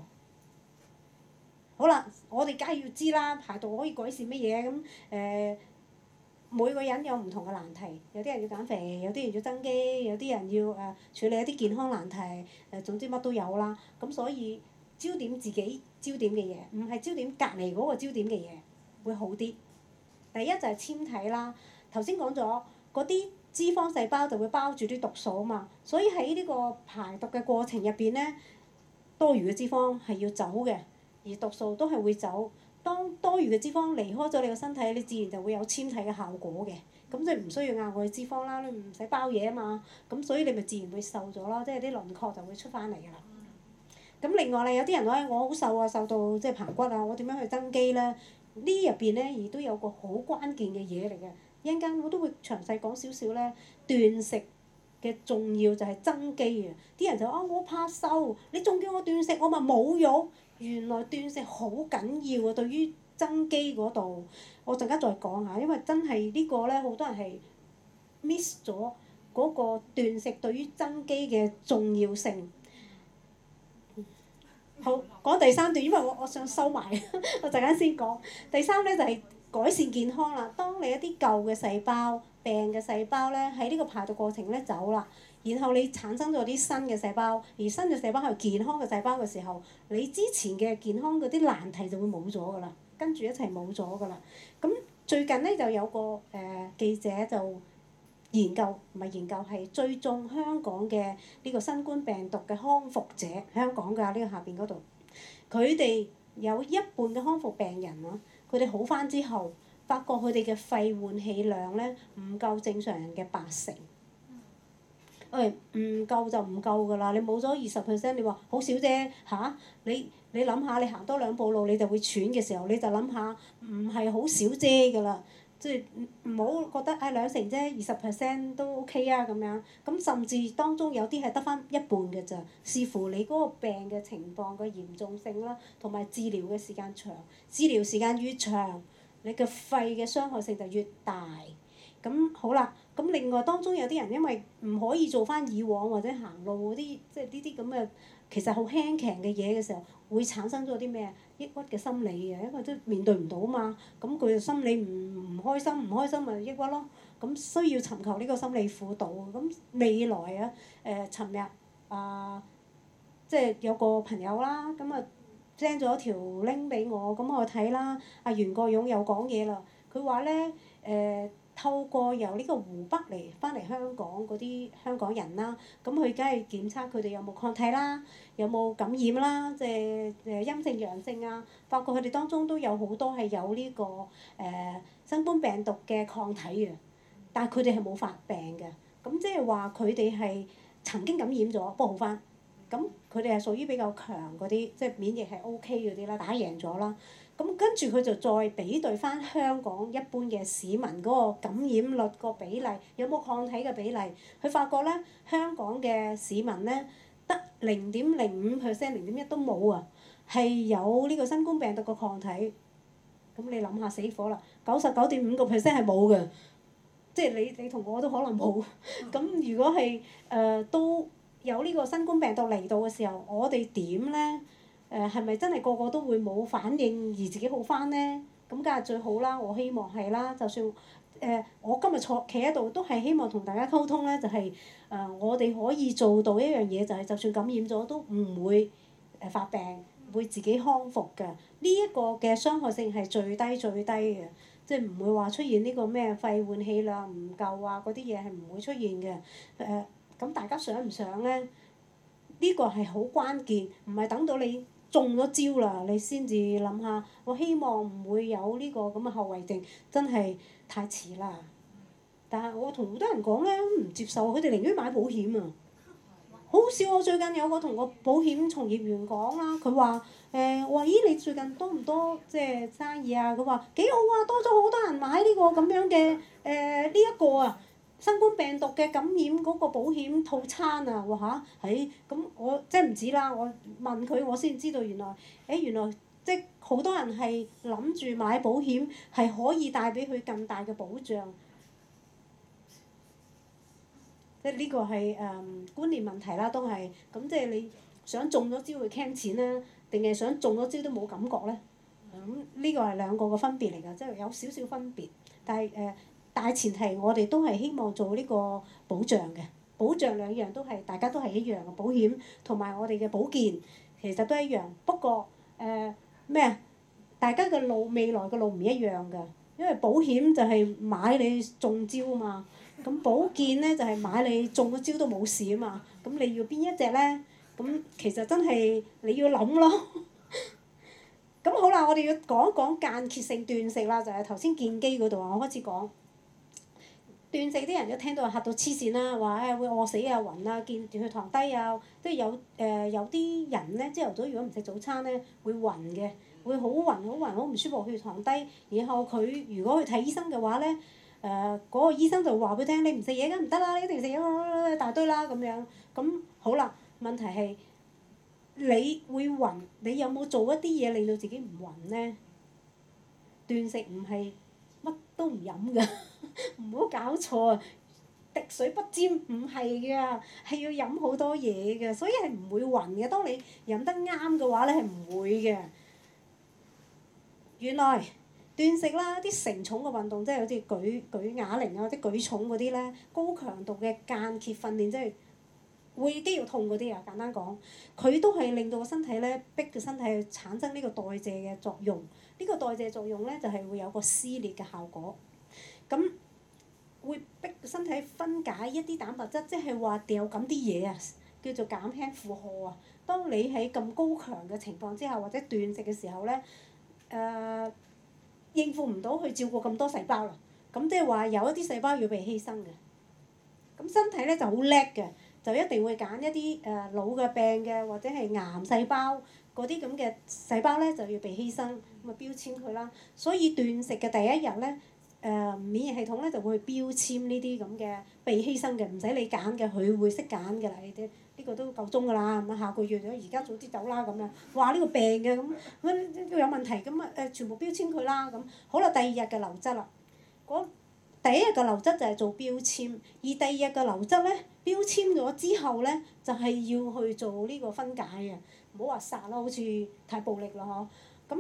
好啦，我哋梗係要知啦，排毒可以改善乜嘢？咁、嗯、誒、呃，每個人有唔同嘅難題，有啲人要減肥，有啲人要增肌，有啲人要誒處理一啲健康難題，誒、呃、總之乜都有啦。咁、嗯、所以焦點自己焦點嘅嘢，唔係焦點隔離嗰個焦點嘅嘢，會好啲。第一就係纖體啦，頭先講咗嗰啲脂肪細胞就會包住啲毒素啊嘛，所以喺呢個排毒嘅過程入邊咧，多餘嘅脂肪係要走嘅，而毒素都係會走。當多餘嘅脂肪離開咗你個身體，你自然就會有纖體嘅效果嘅，咁即係唔需要額外脂肪啦，你唔使包嘢啊嘛，咁所以你咪自然會瘦咗咯，即係啲輪廓就會出翻嚟噶啦。咁另外咧，有啲人咧，我好瘦啊，瘦到即係棚骨啊，我點樣去增肌咧？呢入邊咧，亦都有個好關鍵嘅嘢嚟嘅。一陣間我都會詳細講少少咧，斷食嘅重要就係增肌啊！啲人就話，我怕瘦，你仲叫我斷食，我咪冇肉。原來斷食好緊要啊，對於增肌嗰度，我陣間再講下，因為真係呢個咧，好多人係 miss 咗嗰個斷食對於增肌嘅重要性。好，講第三段，因為我我想收埋，我陣間先講。第三咧就係、是、改善健康啦。當你一啲舊嘅細胞、病嘅細胞咧，喺呢個排毒過程咧走啦，然後你產生咗啲新嘅細胞，而新嘅細胞係健康嘅細胞嘅時候，你之前嘅健康嗰啲難題就會冇咗㗎啦，跟住一齊冇咗㗎啦。咁最近咧就有個誒、呃、記者就研究唔係研究，係追蹤香港嘅呢個新冠病毒嘅康復者，香港㗎呢個下邊嗰度，佢哋有一半嘅康復病人咯，佢哋好返之後，發覺佢哋嘅肺換氣量咧唔夠正常人嘅八成。誒唔夠就唔夠㗎啦，你冇咗二十 percent，你話好少啫吓？你你諗下，你行多兩步路你就會喘嘅時候，你就諗下唔係好少啫㗎啦。即係唔唔好覺得啊兩成啫，二十 percent 都 OK 啊，咁樣，咁甚至當中有啲係得翻一半嘅咋，視乎你嗰個病嘅情況嘅嚴重性啦，同埋治療嘅時間長，治療時間越長，你嘅肺嘅傷害性就越大。咁好啦，咁另外當中有啲人因為唔可以做翻以往或者行路嗰啲，即係呢啲咁嘅。其實好輕強嘅嘢嘅時候，會產生咗啲咩啊？抑鬱嘅心理嘅，因為都面對唔到啊嘛。咁佢嘅心理唔唔開心，唔開心咪抑鬱咯。咁需要尋求呢個心理輔導。咁未來啊，誒、呃、尋日啊、呃，即係有個朋友啦，咁啊 send 咗條 link 俾我，咁我睇啦。阿袁國勇又講嘢啦，佢話咧誒。呃透過由呢個湖北嚟翻嚟香港嗰啲香港人啦，咁佢梗係檢測佢哋有冇抗體啦，有冇感染啦，即係誒陰性陽性啊，發覺佢哋當中都有好多係有呢、這個誒、呃、新冠病毒嘅抗體嘅，但係佢哋係冇發病嘅，咁即係話佢哋係曾經感染咗，不過好翻，咁佢哋係屬於比較強嗰啲，即、就、係、是、免疫力係 O K 嗰啲啦，打贏咗啦。咁跟住佢就再比對返香港一般嘅市民嗰個感染率個比例，有冇抗體嘅比例？佢發覺咧，香港嘅市民咧得零點零五 percent，零點一都冇啊，係有呢個新冠病毒個抗體。咁你諗下死火啦！九十九點五個 percent 係冇嘅，即係你你同我都可能冇。咁如果係誒都有呢個新冠病毒嚟到嘅時候，我哋點咧？誒係咪真係個個都會冇反應而自己好翻咧？咁梗係最好啦！我希望係啦，就算誒、呃、我今日坐企喺度，都係希望同大家溝通咧，就係、是、誒、呃、我哋可以做到一樣嘢，就係、是、就算感染咗都唔會誒發病，會自己康復嘅。呢、這、一個嘅傷害性係最低最低嘅，即係唔會話出現呢個咩肺換氣量唔夠啊嗰啲嘢係唔會出現嘅。誒、呃、咁大家想唔想咧？呢、這個係好關鍵，唔係等到你，中咗招啦，你先至諗下。我希望唔會有呢個咁嘅後遺症，真係太遲啦。但係我同好多人講咧，都唔接受。佢哋寧願買保險啊。好少，我最近有個同個保險從業員講啦，佢話：誒，我話咦，你最近多唔多即係生意啊？佢話幾好啊，多咗好多人買呢個咁樣嘅誒呢一個啊。新冠病毒嘅感染嗰、那個保險套餐啊，哇嚇！誒、哎、咁我即係唔知啦，我問佢我先知道原來，誒、哎、原來即係好多人係諗住買保險係可以帶俾佢更大嘅保障。即係呢個係誒、呃、觀念問題啦，都係咁即係你想中咗招去傾錢咧，定係想中咗招都冇感覺咧？咁呢個係兩個嘅分別嚟㗎，即係有少少分別，但係誒。呃大前提，我哋都係希望做呢個保障嘅，保障兩樣都係大家都係一樣嘅保險，同埋我哋嘅保健，其實都一樣。不過誒咩？大家嘅路，未來嘅路唔一樣㗎，因為保險就係買你中招啊嘛，咁保健咧就係買你中咗招都冇事啊嘛，咁你要邊一隻咧？咁其實真係你要諗咯。咁好啦，我哋要講一講間歇性斷食啦，就係頭先建基嗰度啊，我開始講。斷食啲人一聽到就嚇到黐線啦，話誒會餓死啊、暈啊、見血糖低啊，都有誒、呃、有啲人咧朝頭早如果唔食早餐咧會暈嘅，會好暈好暈好唔舒服，血糖低。然後佢如果去睇醫生嘅話咧，誒、呃、嗰、嗰個醫生就話畀佢聽，你唔食嘢梗係唔得啦，你一定要食一大堆啦咁樣。咁、嗯、好啦，問題係你會暈，你有冇做一啲嘢令到自己唔暈咧？斷食唔係乜都唔飲噶。唔好 搞錯啊！滴水不沾唔係噶，係要飲好多嘢嘅，所以係唔會暈嘅。當你飲得啱嘅話咧，係唔會嘅。原來斷食啦，啲承重嘅運動即係好似舉舉啞鈴啊，或者舉重嗰啲咧，高強度嘅間歇訓練即係會肌肉痛嗰啲啊，簡單講，佢都係令到個身體咧逼個身體去產生呢個代謝嘅作用，呢個代謝作用咧就係會有個撕裂嘅效果。咁會逼身體分解一啲蛋白質，即係話掉咁啲嘢啊，叫做減輕負荷啊。當你喺咁高強嘅情況之下，或者斷食嘅時候咧，誒，應付唔到去照顧咁多細胞啦。咁即係話有一啲細胞要被犧牲嘅。咁身體咧就好叻嘅，就一定會揀一啲誒老嘅病嘅或者係癌細胞嗰啲咁嘅細胞咧就要被犧牲，咁啊標籤佢啦。所以斷食嘅第一日咧。誒、呃、免疫系統咧就會去標籤呢啲咁嘅被犧牲嘅，唔使你揀嘅，佢會識揀㗎啦。呢啲呢個都夠鐘㗎啦，下個月都而家早啲走啦咁樣。話呢、這個病嘅、啊、咁，咁呢個有問題咁啊誒，全部標籤佢啦咁。好啦，第二日嘅流質啦，講第一日嘅流質就係做標籤，而第二日嘅流質咧標籤咗之後咧就係、是、要去做呢個分解嘅，唔好話殺囉，好似太暴力啦嗬。咁。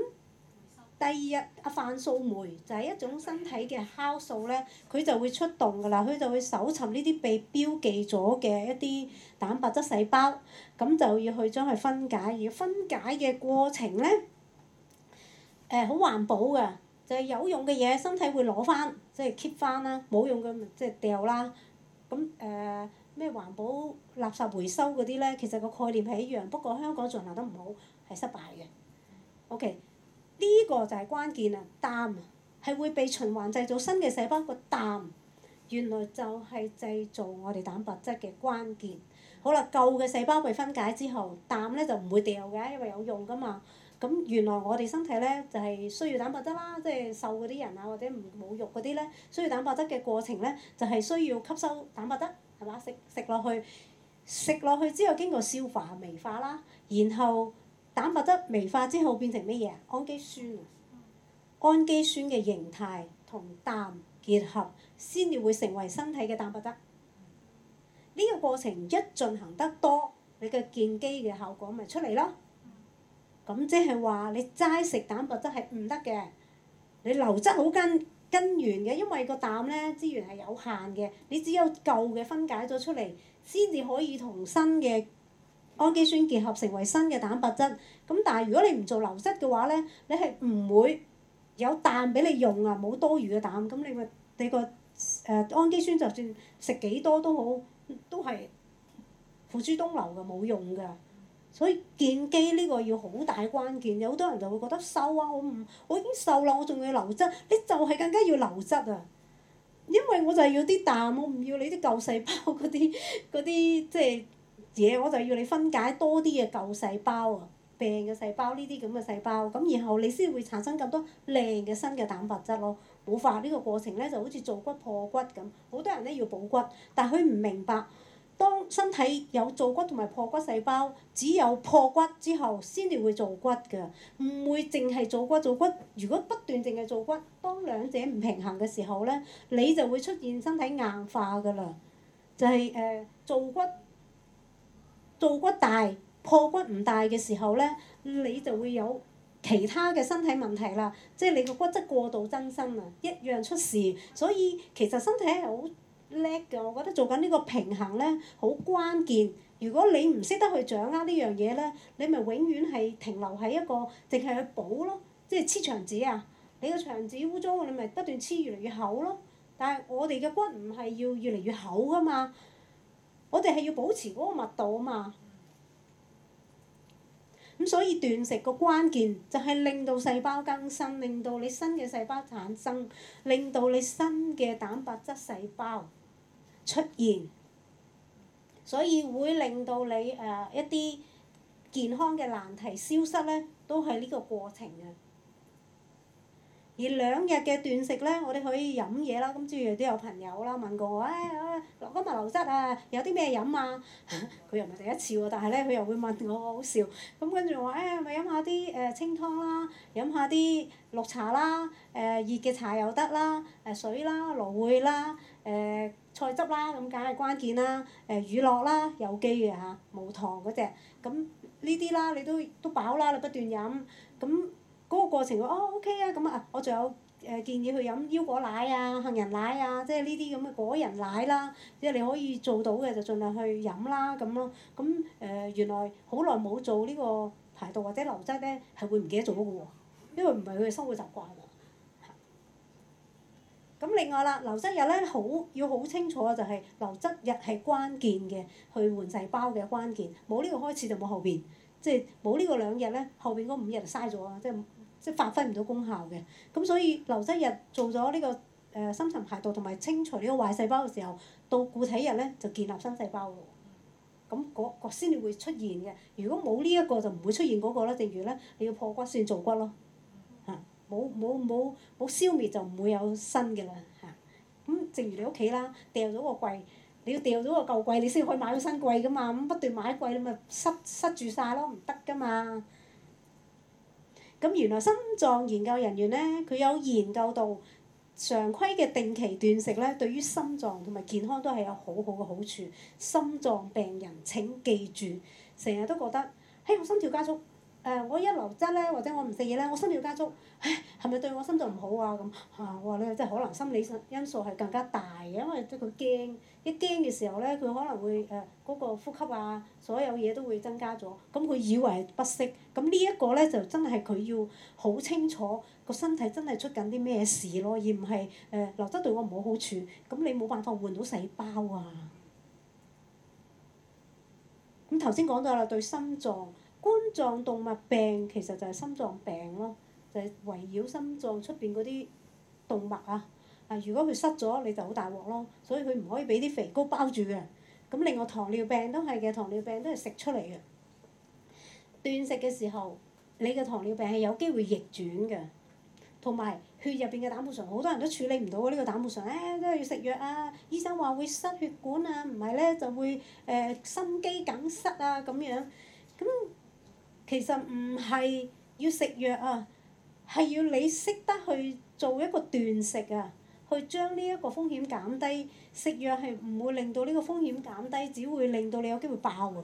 第二日，阿泛素酶就係、是、一種身體嘅酵素咧，佢就會出動噶啦，佢就會搜尋呢啲被標記咗嘅一啲蛋白質細胞，咁就要去將佢分解，而分解嘅過程咧，誒好環保噶，就係、是、有用嘅嘢身體會攞翻，即、就、係、是、keep 翻啦，冇用嘅咪即係掉啦。咁誒咩環保垃圾回收嗰啲咧，其實個概念係一樣，不過香港進行得唔好，係失敗嘅。OK。呢個就係關鍵啊！氮啊，係會被循環製造新嘅細胞個氮，原來就係製造我哋蛋白質嘅關鍵。好啦，舊嘅細胞被分解之後，氮咧就唔會掉嘅，因為有用噶嘛。咁原來我哋身體咧就係需要蛋白質啦，即係瘦嗰啲人啊，或者唔冇肉嗰啲咧，需要蛋白質嘅過程咧，就係需要吸收蛋白質，係嘛？食食落去，食落去之後經過消化、微化啦，然後。蛋白質微化之後變成咩嘢？氨基酸啊，氨基酸嘅形態同氮結合，先至會成為身體嘅蛋白質。呢、嗯、個過程一進行得多，你嘅健肌嘅效果咪出嚟咯。咁、嗯、即係話你齋食蛋白質係唔得嘅，你流質好根根源嘅，因為個氮咧資源係有限嘅，你只有舊嘅分解咗出嚟，先至可以同新嘅，氨基酸結合成為新嘅蛋白質，咁但係如果你唔做流失嘅話咧，你係唔會有氮俾你用啊，冇多餘嘅氮，咁你個你個誒氨基酸就算食幾多都好，都係付諸東流嘅，冇用噶。所以健肌呢個要好大關鍵，有好多人就會覺得瘦啊，我唔我已經瘦啦，我仲要流失，你就係更加要流失啊。因為我就係要啲氮，我唔要你啲舊細胞嗰啲嗰啲即係。嘢我就要你分解多啲嘅舊細胞啊，病嘅細胞呢啲咁嘅細胞，咁然後你先會產生咁多靚嘅新嘅蛋白質咯。冇化呢個過程咧就好似做骨破骨咁，好多人咧要補骨，但佢唔明白，當身體有做骨同埋破骨細胞，只有破骨之後先至會做骨㗎，唔會淨係做骨做骨。如果不斷淨係做骨，當兩者唔平衡嘅時候咧，你就會出現身體硬化㗎啦。就係誒做骨。做骨大破骨唔大嘅時候咧，你就會有其他嘅身體問題啦。即係你個骨質過度增生啊，一樣出事。所以其實身體係好叻嘅，我覺得做緊呢個平衡咧好關鍵。如果你唔識得去掌握呢樣嘢咧，你咪永遠係停留喺一個淨係去補咯，即係黐牆紙啊。你個牆紙污糟，你咪不斷黐越嚟越厚咯。但係我哋嘅骨唔係要越嚟越厚噶嘛。我哋係要保持嗰個密度啊嘛，咁所以斷食個關鍵就係令到細胞更新，令到你新嘅細胞產生，令到你新嘅蛋白質細胞出現，所以會令到你誒一啲健康嘅難題消失咧，都係呢個過程嘅。而兩日嘅斷食咧，我哋可以飲嘢啦。咁之前都有朋友啦問過我，誒、哎、誒，今日流質啊，有啲咩飲啊？佢 又唔係第一次喎，但係咧佢又會問我，好笑。咁跟住我話，誒咪飲下啲誒清湯啦，飲下啲綠茶啦，誒熱嘅茶又得啦，誒水啦、蘆薈啦、誒、呃、菜汁啦，咁梗係關鍵啦。誒、呃、乳酪啦，有機嘅嚇，冇、啊、糖嗰隻。咁呢啲啦，你都都飽啦，你不斷飲，咁、嗯。嗰個過程哦，OK 啊，咁啊，我仲有誒建議去飲腰果奶啊、杏仁奶啊，即係呢啲咁嘅果仁奶啦，即係你可以做到嘅就盡量去飲啦咁咯。咁誒原來好耐冇做呢個排毒或者流質咧，係會唔記得做咗嘅喎，因為唔係佢嘅生活習慣啊。咁另外啦，流質日咧好要好清楚嘅就係流質日係關鍵嘅，去換細胞嘅關鍵，冇呢個開始就冇後邊，即係冇呢個兩日咧，後邊嗰五日就嘥咗啊，即係。即係發揮唔到功效嘅，咁所以流質日做咗呢個誒深層排毒同埋清除呢個壞細胞嘅時候，到固體日咧就建立新細胞喎。咁嗰個先至會出現嘅，如果冇呢一個就唔會出現嗰個啦。正如咧，你要破骨先造骨咯，嚇！冇、冇、冇、冇消滅就唔會有新嘅啦，嚇！咁正如你屋企啦，掉咗個櫃，你要掉咗個舊櫃，你先可以買到新櫃噶嘛，咁不斷買櫃你咪塞塞住曬咯，唔得噶嘛。咁原來心臟研究人員咧，佢有研究到常規嘅定期斷食咧，對於心臟同埋健康都係有好好嘅好處。心臟病人請記住，成日都覺得，嘿，我心跳加速。誒、呃、我一流質咧，或者我唔食嘢咧，我心跳加速，唉，係咪對我心臟唔好啊咁？嚇，我話咧，即係可能心理因素係更加大，因為佢驚，一驚嘅時候咧，佢可能會誒嗰、呃那個呼吸啊，所有嘢都會增加咗，咁佢以為係不適，咁呢一個咧就真係佢要好清楚個身體真係出緊啲咩事咯，而唔係誒流質對我冇好好處，咁你冇辦法換到細胞啊。咁頭先講到啦，對心臟。冠狀動脈病其實就係心臟病咯，就係、是、圍繞心臟出邊嗰啲動脈啊。啊，如果佢塞咗，你就好大鑊咯。所以佢唔可以俾啲肥膏包住嘅。咁另外糖尿病都係嘅，糖尿病都係食出嚟嘅。斷食嘅時候，你嘅糖尿病係有機會逆轉嘅。同埋血入邊嘅膽固醇，好多人都處理唔到啊！呢、這個膽固醇，誒、哎、都係要食藥啊。醫生話會塞血管啊，唔係咧就會誒、呃、心肌梗塞啊咁樣。咁其實唔係要食藥啊，係要你識得去做一個斷食啊，去將呢一個風險減低。食藥係唔會令到呢個風險減低，只會令到你有機會爆啊！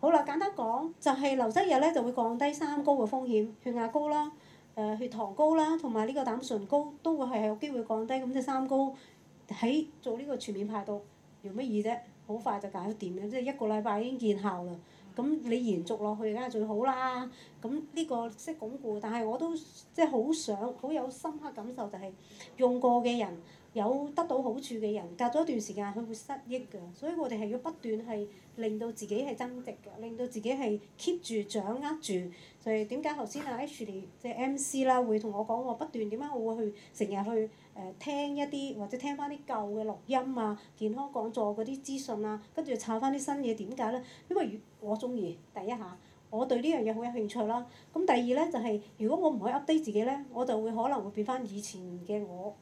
好啦，簡單講，就係流質日咧就會降低三高嘅風險，血壓高啦、誒血糖高啦，同埋呢個膽醇高都會係有機會降低咁嘅三高。喺做呢個全面排毒，用乜嘢啫？好快就搞掂嘅，即係一個禮拜已經見效啦。咁你延續落去梗係最好啦。咁、這、呢個即係鞏固，但係我都即係好想好有深刻感受、就是，就係用過嘅人有得到好處嘅人，隔咗一段時間佢會失憶㗎。所以我哋係要不斷係令到自己係增值㗎，令到自己係 keep 住掌握住。所以 ley, 就係點解頭先阿 H 嚟即係 MC 啦，會同我講話不斷點解我會去成日去？誒聽一啲或者聽翻啲舊嘅錄音啊，健康講座嗰啲資訊啊，跟住抄翻啲新嘢點解咧？因為我中意第一下，我對呢樣嘢好有興趣啦。咁第二咧就係如果我唔可以 update 自己咧，我就會可能會變翻以前嘅我，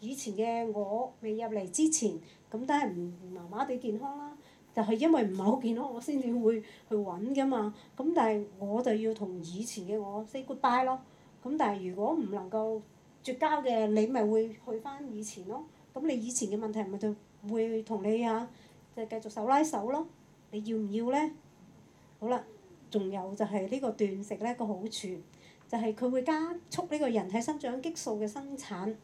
以前嘅我未入嚟之前，咁都係唔麻麻地健康啦。就係因為唔係好健康，我先至會去揾噶嘛。咁但係我就要同以前嘅我 say goodbye 咯。咁但係如果唔能夠，絕交嘅你咪會去返以前咯，咁你以前嘅問題咪就會同你呀就繼續手拉手咯，你要唔要咧？好啦，仲有就係呢個斷食咧個好處，就係、是、佢會加速呢個人體生長激素嘅生產。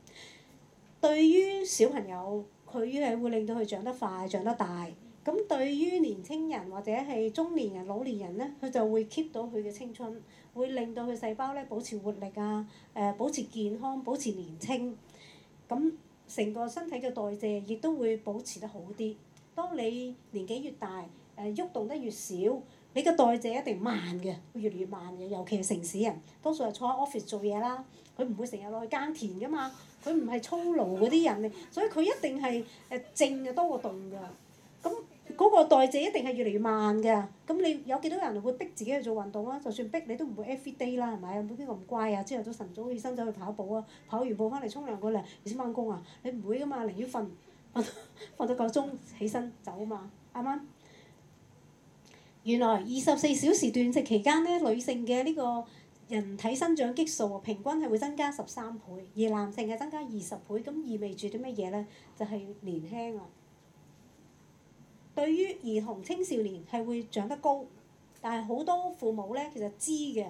對於小朋友，佢係會令到佢長得快、長得大。咁對於年輕人或者係中年人、老年人咧，佢就會 keep 到佢嘅青春。會令到佢細胞咧保持活力啊，誒、呃、保持健康，保持年輕。咁、嗯、成個身體嘅代謝亦都會保持得好啲。當你年紀越大，誒、呃、喐動得越少，你嘅代謝一定慢嘅，會越嚟越慢嘅。尤其係城市人，多數係坐喺 office 做嘢啦，佢唔會成日落去耕田噶嘛，佢唔係粗勞嗰啲人嚟，所以佢一定係誒靜嘅多過動㗎。咁、嗯。嗰個代謝一定係越嚟越慢㗎，咁你有幾多人會逼自己去做運動啊？就算逼你都唔會 every day 啦，係咪啊？冇邊個咁乖啊？朝頭早晨早起身走去跑步啊，跑完步翻嚟沖涼個涼，你先翻工啊！你唔會噶嘛，寧願瞓瞓瞓到個鐘起身走啊嘛，啱唔啱？原來二十四小時斷食期間咧，女性嘅呢個人體生長激素啊，平均係會增加十三倍，而男性係增加二十倍，咁意味住啲乜嘢咧？就係年輕啊！對於兒童青少年係會長得高，但係好多父母咧其實知嘅，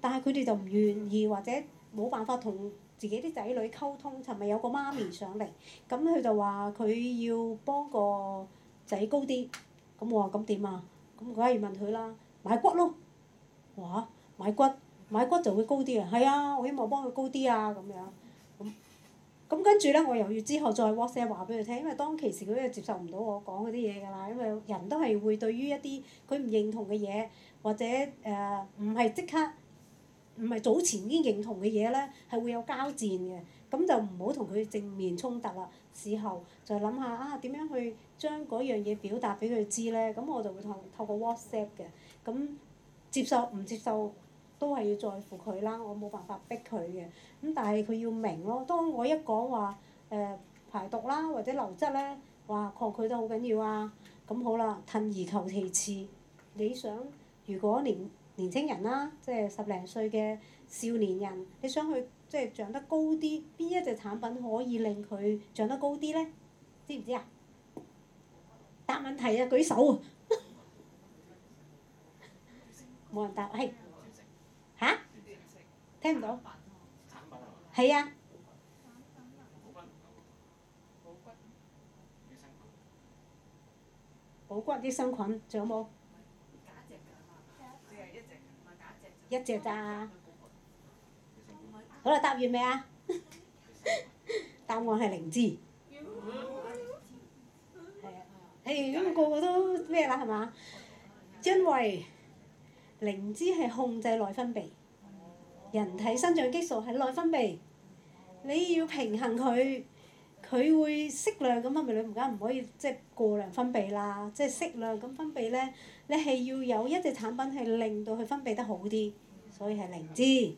但係佢哋就唔願意或者冇辦法同自己啲仔女溝通，尋日有個媽咪上嚟，咁、嗯、佢就話佢要幫個仔高啲，咁、嗯、我話咁點啊？咁、嗯、我而家問佢啦，買骨咯，話嚇買骨買骨就會高啲啊！係、嗯、啊，我希望幫佢高啲啊咁樣。咁跟住咧，我又要之後再 WhatsApp 話俾佢聽，因為當其時佢都接受唔到我講嗰啲嘢噶啦，因為人都係會對於一啲佢唔認同嘅嘢，或者誒唔係即刻，唔係早前已經認同嘅嘢咧，係會有交戰嘅，咁就唔好同佢正面衝突啦。事後就諗下啊，點樣去將嗰樣嘢表達俾佢知咧？咁我就會透透過 WhatsApp 嘅，咁接受唔接受？都係要在乎佢啦，我冇辦法逼佢嘅，咁但係佢要明咯。當我一講話誒排毒啦，或者流質咧，話抗拒都好緊要啊。咁好啦，退而求其次。你想如果年年輕人啦，即係十零歲嘅少年人，你想佢即係長得高啲，邊一隻產品可以令佢長得高啲咧？知唔知啊？答問題啊！舉手，冇 人答，係。聽唔到？係啊，補骨益生菌仲有冇？一隻咋？好啦，答完未啊？答案係靈芝。係咁，個個都咩啦？係嘛？因為靈芝係控制內分泌。人體生長激素係內分泌，你要平衡佢，佢會適量咁分泌，咪你唔該唔可以即係過量分泌啦，即係適量咁分泌咧，你係要有一隻產品係令到佢分泌得好啲，所以係靈芝，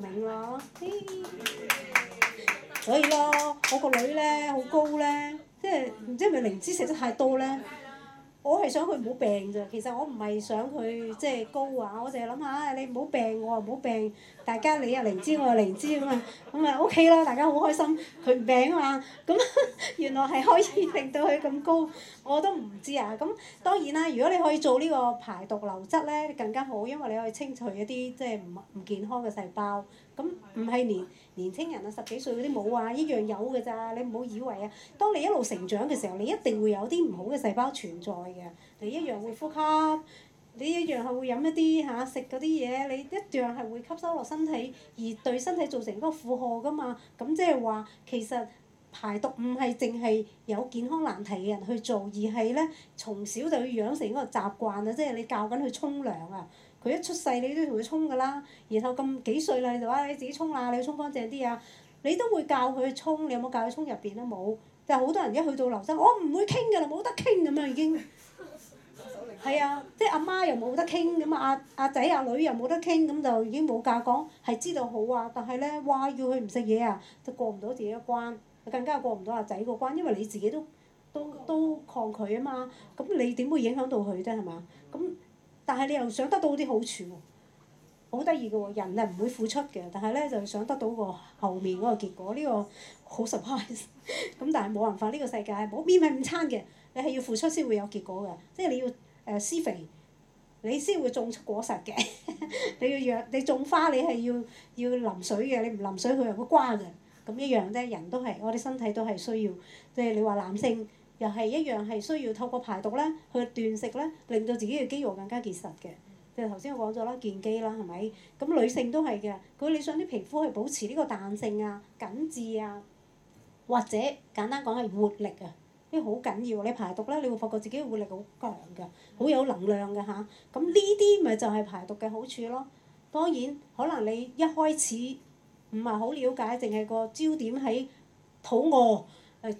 明唔明？ 所以咯，我個女咧好高咧，即係唔知係咪靈芝食得太多咧。我係想佢冇病咋，其實我唔係想佢即係高啊，我淨係諗下，你冇病我又冇病，大家你又靈芝我又靈芝咁啊，咁啊 O K 啦，大家好開心，佢唔病啊，嘛、嗯。咁原來係可以令到佢咁高，我都唔知啊，咁、嗯、當然啦，如果你可以做呢個排毒流質咧，更加好，因為你可以清除一啲即係唔唔健康嘅細胞，咁唔係年，年輕人啊，十幾歲嗰啲冇啊，一樣有㗎咋，你唔好以為啊。當你一路成長嘅時候，你一定會有啲唔好嘅細胞存在嘅，你一樣會呼吸，你一樣係會飲一啲吓食嗰啲嘢，你一樣係會吸收落身體，而對身體造成一個負荷噶嘛。咁即係話，其實排毒唔係淨係有健康難題嘅人去做，而係咧，從小就要養成一個習慣啊！即係你教緊佢沖涼啊。佢一出世，你都同佢沖㗎啦，然後咁幾歲啦，你就話：你自己沖啦，你沖乾淨啲啊！你都會教佢沖，你有冇教佢沖入邊啊？冇，就好多人一去到樓上，我唔會傾㗎啦，冇得傾咁樣已經。係 啊，即係阿媽又冇得傾，咁啊阿阿仔阿女又冇得傾，咁、嗯、就已經冇㗎講。係知道好啊，但係咧，哇！要佢唔食嘢啊，就過唔到自己嘅關，就更加過唔到阿仔個關，因為你自己都都都抗拒啊嘛。咁你點會影響到佢啫？係嘛？咁、嗯。但係你又想得到啲好處喎，好得意㗎喎，人啊唔會付出嘅，但係咧就想得到個後面嗰個結果呢、呢個好 surprise。咁但係冇辦法，呢個世界冇免費午餐嘅，你係要付出先會有結果嘅，即係你要誒施、呃、肥，你先會種出果實嘅， 你要養你種花你係要要淋水嘅，你唔淋水佢又會瓜嘅，咁一樣啫，人都係我哋身體都係需要，即、就、係、是、你話男性。又係一樣係需要透過排毒咧，去斷食咧，令到自己嘅肌肉更加結實嘅。就頭先我講咗啦，健肌啦，係咪？咁女性都係嘅。佢你想啲皮膚係保持呢個彈性啊、緊緻啊，或者簡單講係活力啊，呢好緊要。你排毒咧，你會發覺自己嘅活力好強㗎，好有能量㗎吓，咁呢啲咪就係排毒嘅好處咯。當然，可能你一開始唔係好了解，淨係個焦點喺肚餓。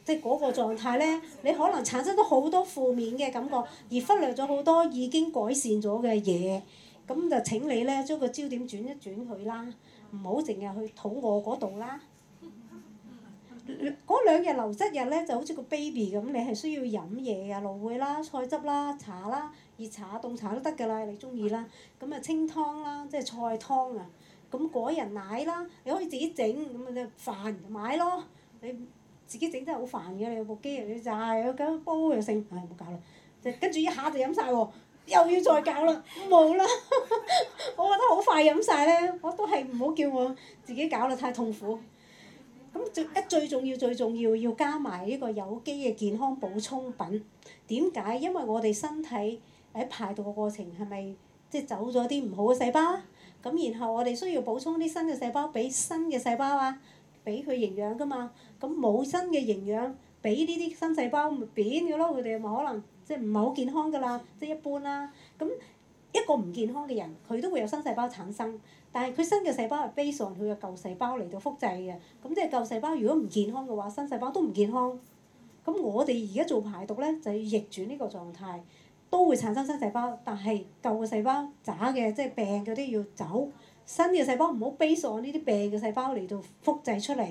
即係嗰個狀態咧，你可能產生咗好多負面嘅感覺，而忽略咗好多已經改善咗嘅嘢。咁就請你咧，將個焦點轉一轉佢啦，唔好淨係去肚餓嗰度啦。嗰兩日流質日咧，就好似個 baby 咁，你係需要飲嘢啊，蘆薈啦、菜汁啦、茶啦、熱茶啊、凍茶都得㗎啦，你中意啦。咁啊，清湯啦，即係菜湯啊。咁果仁奶啦，你可以自己整，咁啊，飯買咯，你。自己整真係好煩㗎，你有部機又要炸，又要個煲又剩，唉，唔好搞啦！跟住一下就飲晒喎，又要再搞啦，冇啦！ 我覺得好快飲晒咧，我都係唔好叫我自己搞啦，太痛苦。咁，最一最重要最重要，要加埋呢個有機嘅健康補充品。點解？因為我哋身體喺排毒嘅過程係咪即係走咗啲唔好嘅細胞？咁然後我哋需要補充啲新嘅細胞，俾新嘅細胞啊，俾佢營養噶嘛。咁冇新嘅營養，俾呢啲新細胞咪扁咗咯？佢哋咪可能即係唔係好健康㗎啦，即係一般啦。咁一個唔健康嘅人，佢都會有新細胞產生，但係佢新嘅細胞係 base on 佢嘅舊細胞嚟到複製嘅。咁即係舊細胞如果唔健康嘅話，新細胞都唔健康。咁我哋而家做排毒咧，就要逆轉呢個狀態，都會產生新細胞，但係舊嘅細胞渣嘅，即係病嗰啲要走，新嘅細胞唔好 base on 呢啲病嘅細胞嚟到複製出嚟。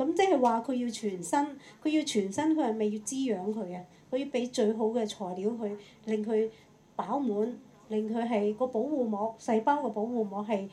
咁即係話佢要全身，佢要全身，佢係咪要滋養佢啊？佢要俾最好嘅材料佢令佢飽滿，令佢係個保護膜、細胞個保護膜係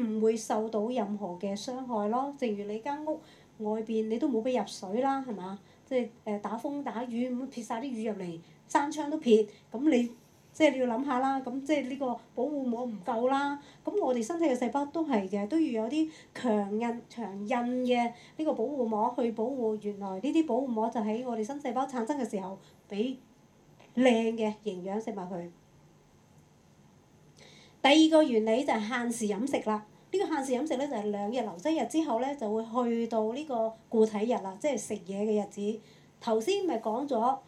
唔會受到任何嘅傷害咯。正如你間屋外邊，你都冇俾入水啦，係嘛？即係誒打風打雨咁，撇晒啲雨入嚟，山窗都撇，咁你？即係你要諗下啦，咁即係呢個保護膜唔夠啦，咁我哋身體嘅細胞都係嘅，都要有啲強韌強韌嘅呢個保護膜去保護。原來呢啲保護膜就喺我哋新細胞產生嘅時候俾靚嘅營養食物佢。第二個原理就係限時飲食啦，呢個限時飲食咧就係兩日流質日之後咧就會去到呢個固體日啦，即係食嘢嘅日子。頭先咪講咗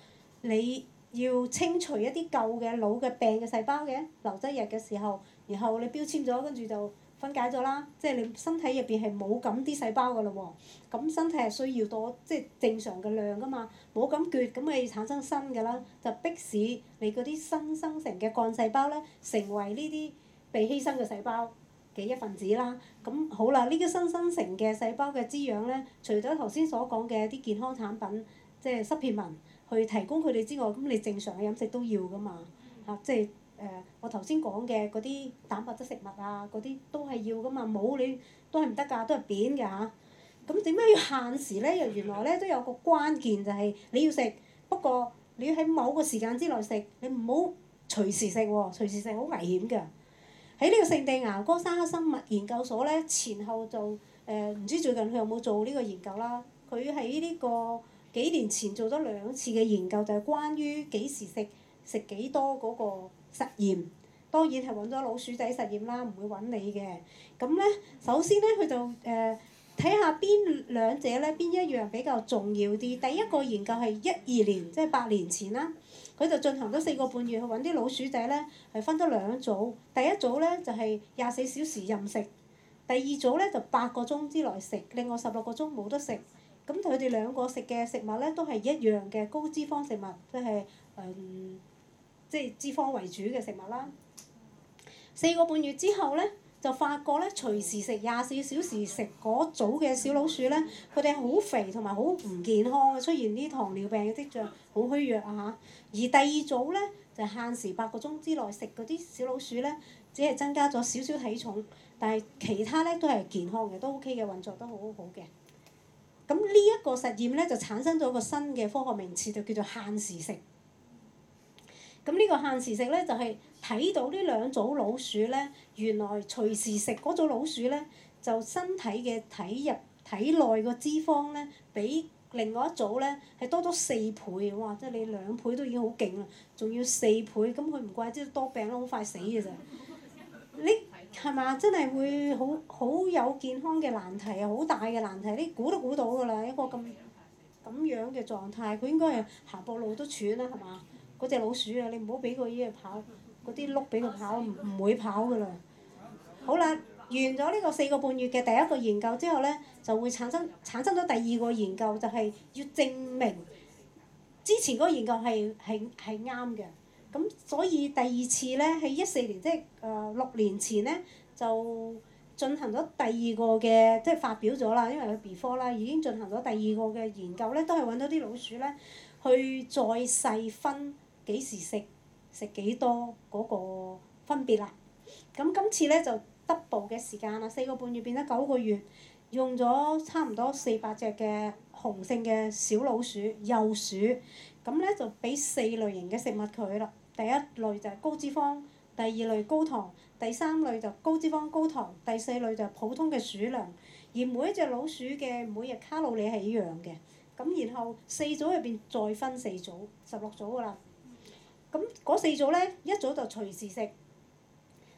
你。要清除一啲舊嘅老嘅病嘅細胞嘅，流質液嘅時候，然後你標籤咗，跟住就分解咗啦，即係你身體入邊係冇咁啲細胞噶嘞喎，咁身體係需要多即係、就是、正常嘅量噶嘛，冇咁缺，咁咪要產生新嘅啦，就迫使你嗰啲新生成嘅幹細胞咧，成為呢啲被犧牲嘅細胞嘅一份子啦，咁、嗯、好啦，呢啲新生成嘅細胞嘅滋養咧，除咗頭先所講嘅啲健康產品，即係濕片紋。去提供佢哋之外，咁你正常嘅飲食都要噶嘛嚇，即係誒我頭先講嘅嗰啲蛋白質食物啊，嗰啲都係要噶嘛，冇你都係唔得噶，都係扁噶嚇。咁點解要限時咧？又原來咧都有個關鍵就係你要食，不過你要喺某個時間之內食，你唔好隨時食喎，隨時食好危險噶。喺呢個聖地牙哥沙克生物研究所咧，前後就誒唔知最近佢有冇做呢個研究啦？佢喺呢個。幾年前做咗兩次嘅研究，就係關於幾時食，食幾多嗰個實驗，當然係揾咗老鼠仔實驗啦，唔會揾你嘅。咁咧，首先咧佢就誒睇下邊兩者咧邊一樣比較重要啲。第一個研究係一二年，即係八年前啦，佢就進行咗四個半月，去揾啲老鼠仔咧係分咗兩組，第一組咧就係廿四小時任食，第二組咧就八個鐘之內食，另外十六個鐘冇得食。咁佢哋兩個食嘅食物咧都係一樣嘅高脂肪食物，即係誒，即係脂肪為主嘅食物啦。四個半月之後咧，就發覺咧隨時食廿四小時食嗰組嘅小老鼠咧，佢哋好肥同埋好唔健康嘅，出現啲糖尿病嘅跡象，好虛弱啊嚇。而第二組咧就限時八個鐘之內食嗰啲小老鼠咧，只係增加咗少少體重，但係其他咧都係健康嘅，都 OK 嘅，運作都好好嘅。咁呢一個實驗咧，就產生咗個新嘅科學名詞，就叫做限時食。咁呢個限時食咧，就係睇到呢兩組老鼠咧，原來隨時食嗰組老鼠咧，就身體嘅體入體內個脂肪咧，比另外一組咧係多咗四倍。哇！即係你兩倍都已經好勁啦，仲要四倍，咁佢唔怪之多病啦，好快死嘅咋？你？係咪？真係會好好有健康嘅難題啊，好大嘅難題，你估都估到噶啦，一個咁咁樣嘅狀態，佢應該係行步路都喘啦，係嘛？嗰隻老鼠啊，你唔好俾佢依個跑，嗰啲碌俾佢跑，唔唔會跑噶啦。好啦，完咗呢個四個半月嘅第一個研究之後咧，就會產生產生咗第二個研究，就係要證明之前嗰個研究係係係啱嘅。咁所以第二次咧，喺一四年，即係誒六年前咧，就進行咗第二個嘅，即係發表咗啦，因為佢 B 科啦，已經進行咗第二個嘅研究咧，都係揾到啲老鼠咧，去再細分幾時食，食幾多嗰個分別啦。咁今次咧就 double 嘅時間啦，四個半月變咗九個月，用咗差唔多四百隻嘅雄性嘅小老鼠幼鼠，咁咧就俾四類型嘅食物佢啦。第一類就係高脂肪，第二類高糖，第三類就高脂肪高糖，第四類就普通嘅鼠糧。而每一隻老鼠嘅每日卡路里係一樣嘅，咁然後四組入邊再分四組，十六組噶啦。咁嗰四組咧，一組就隨時食，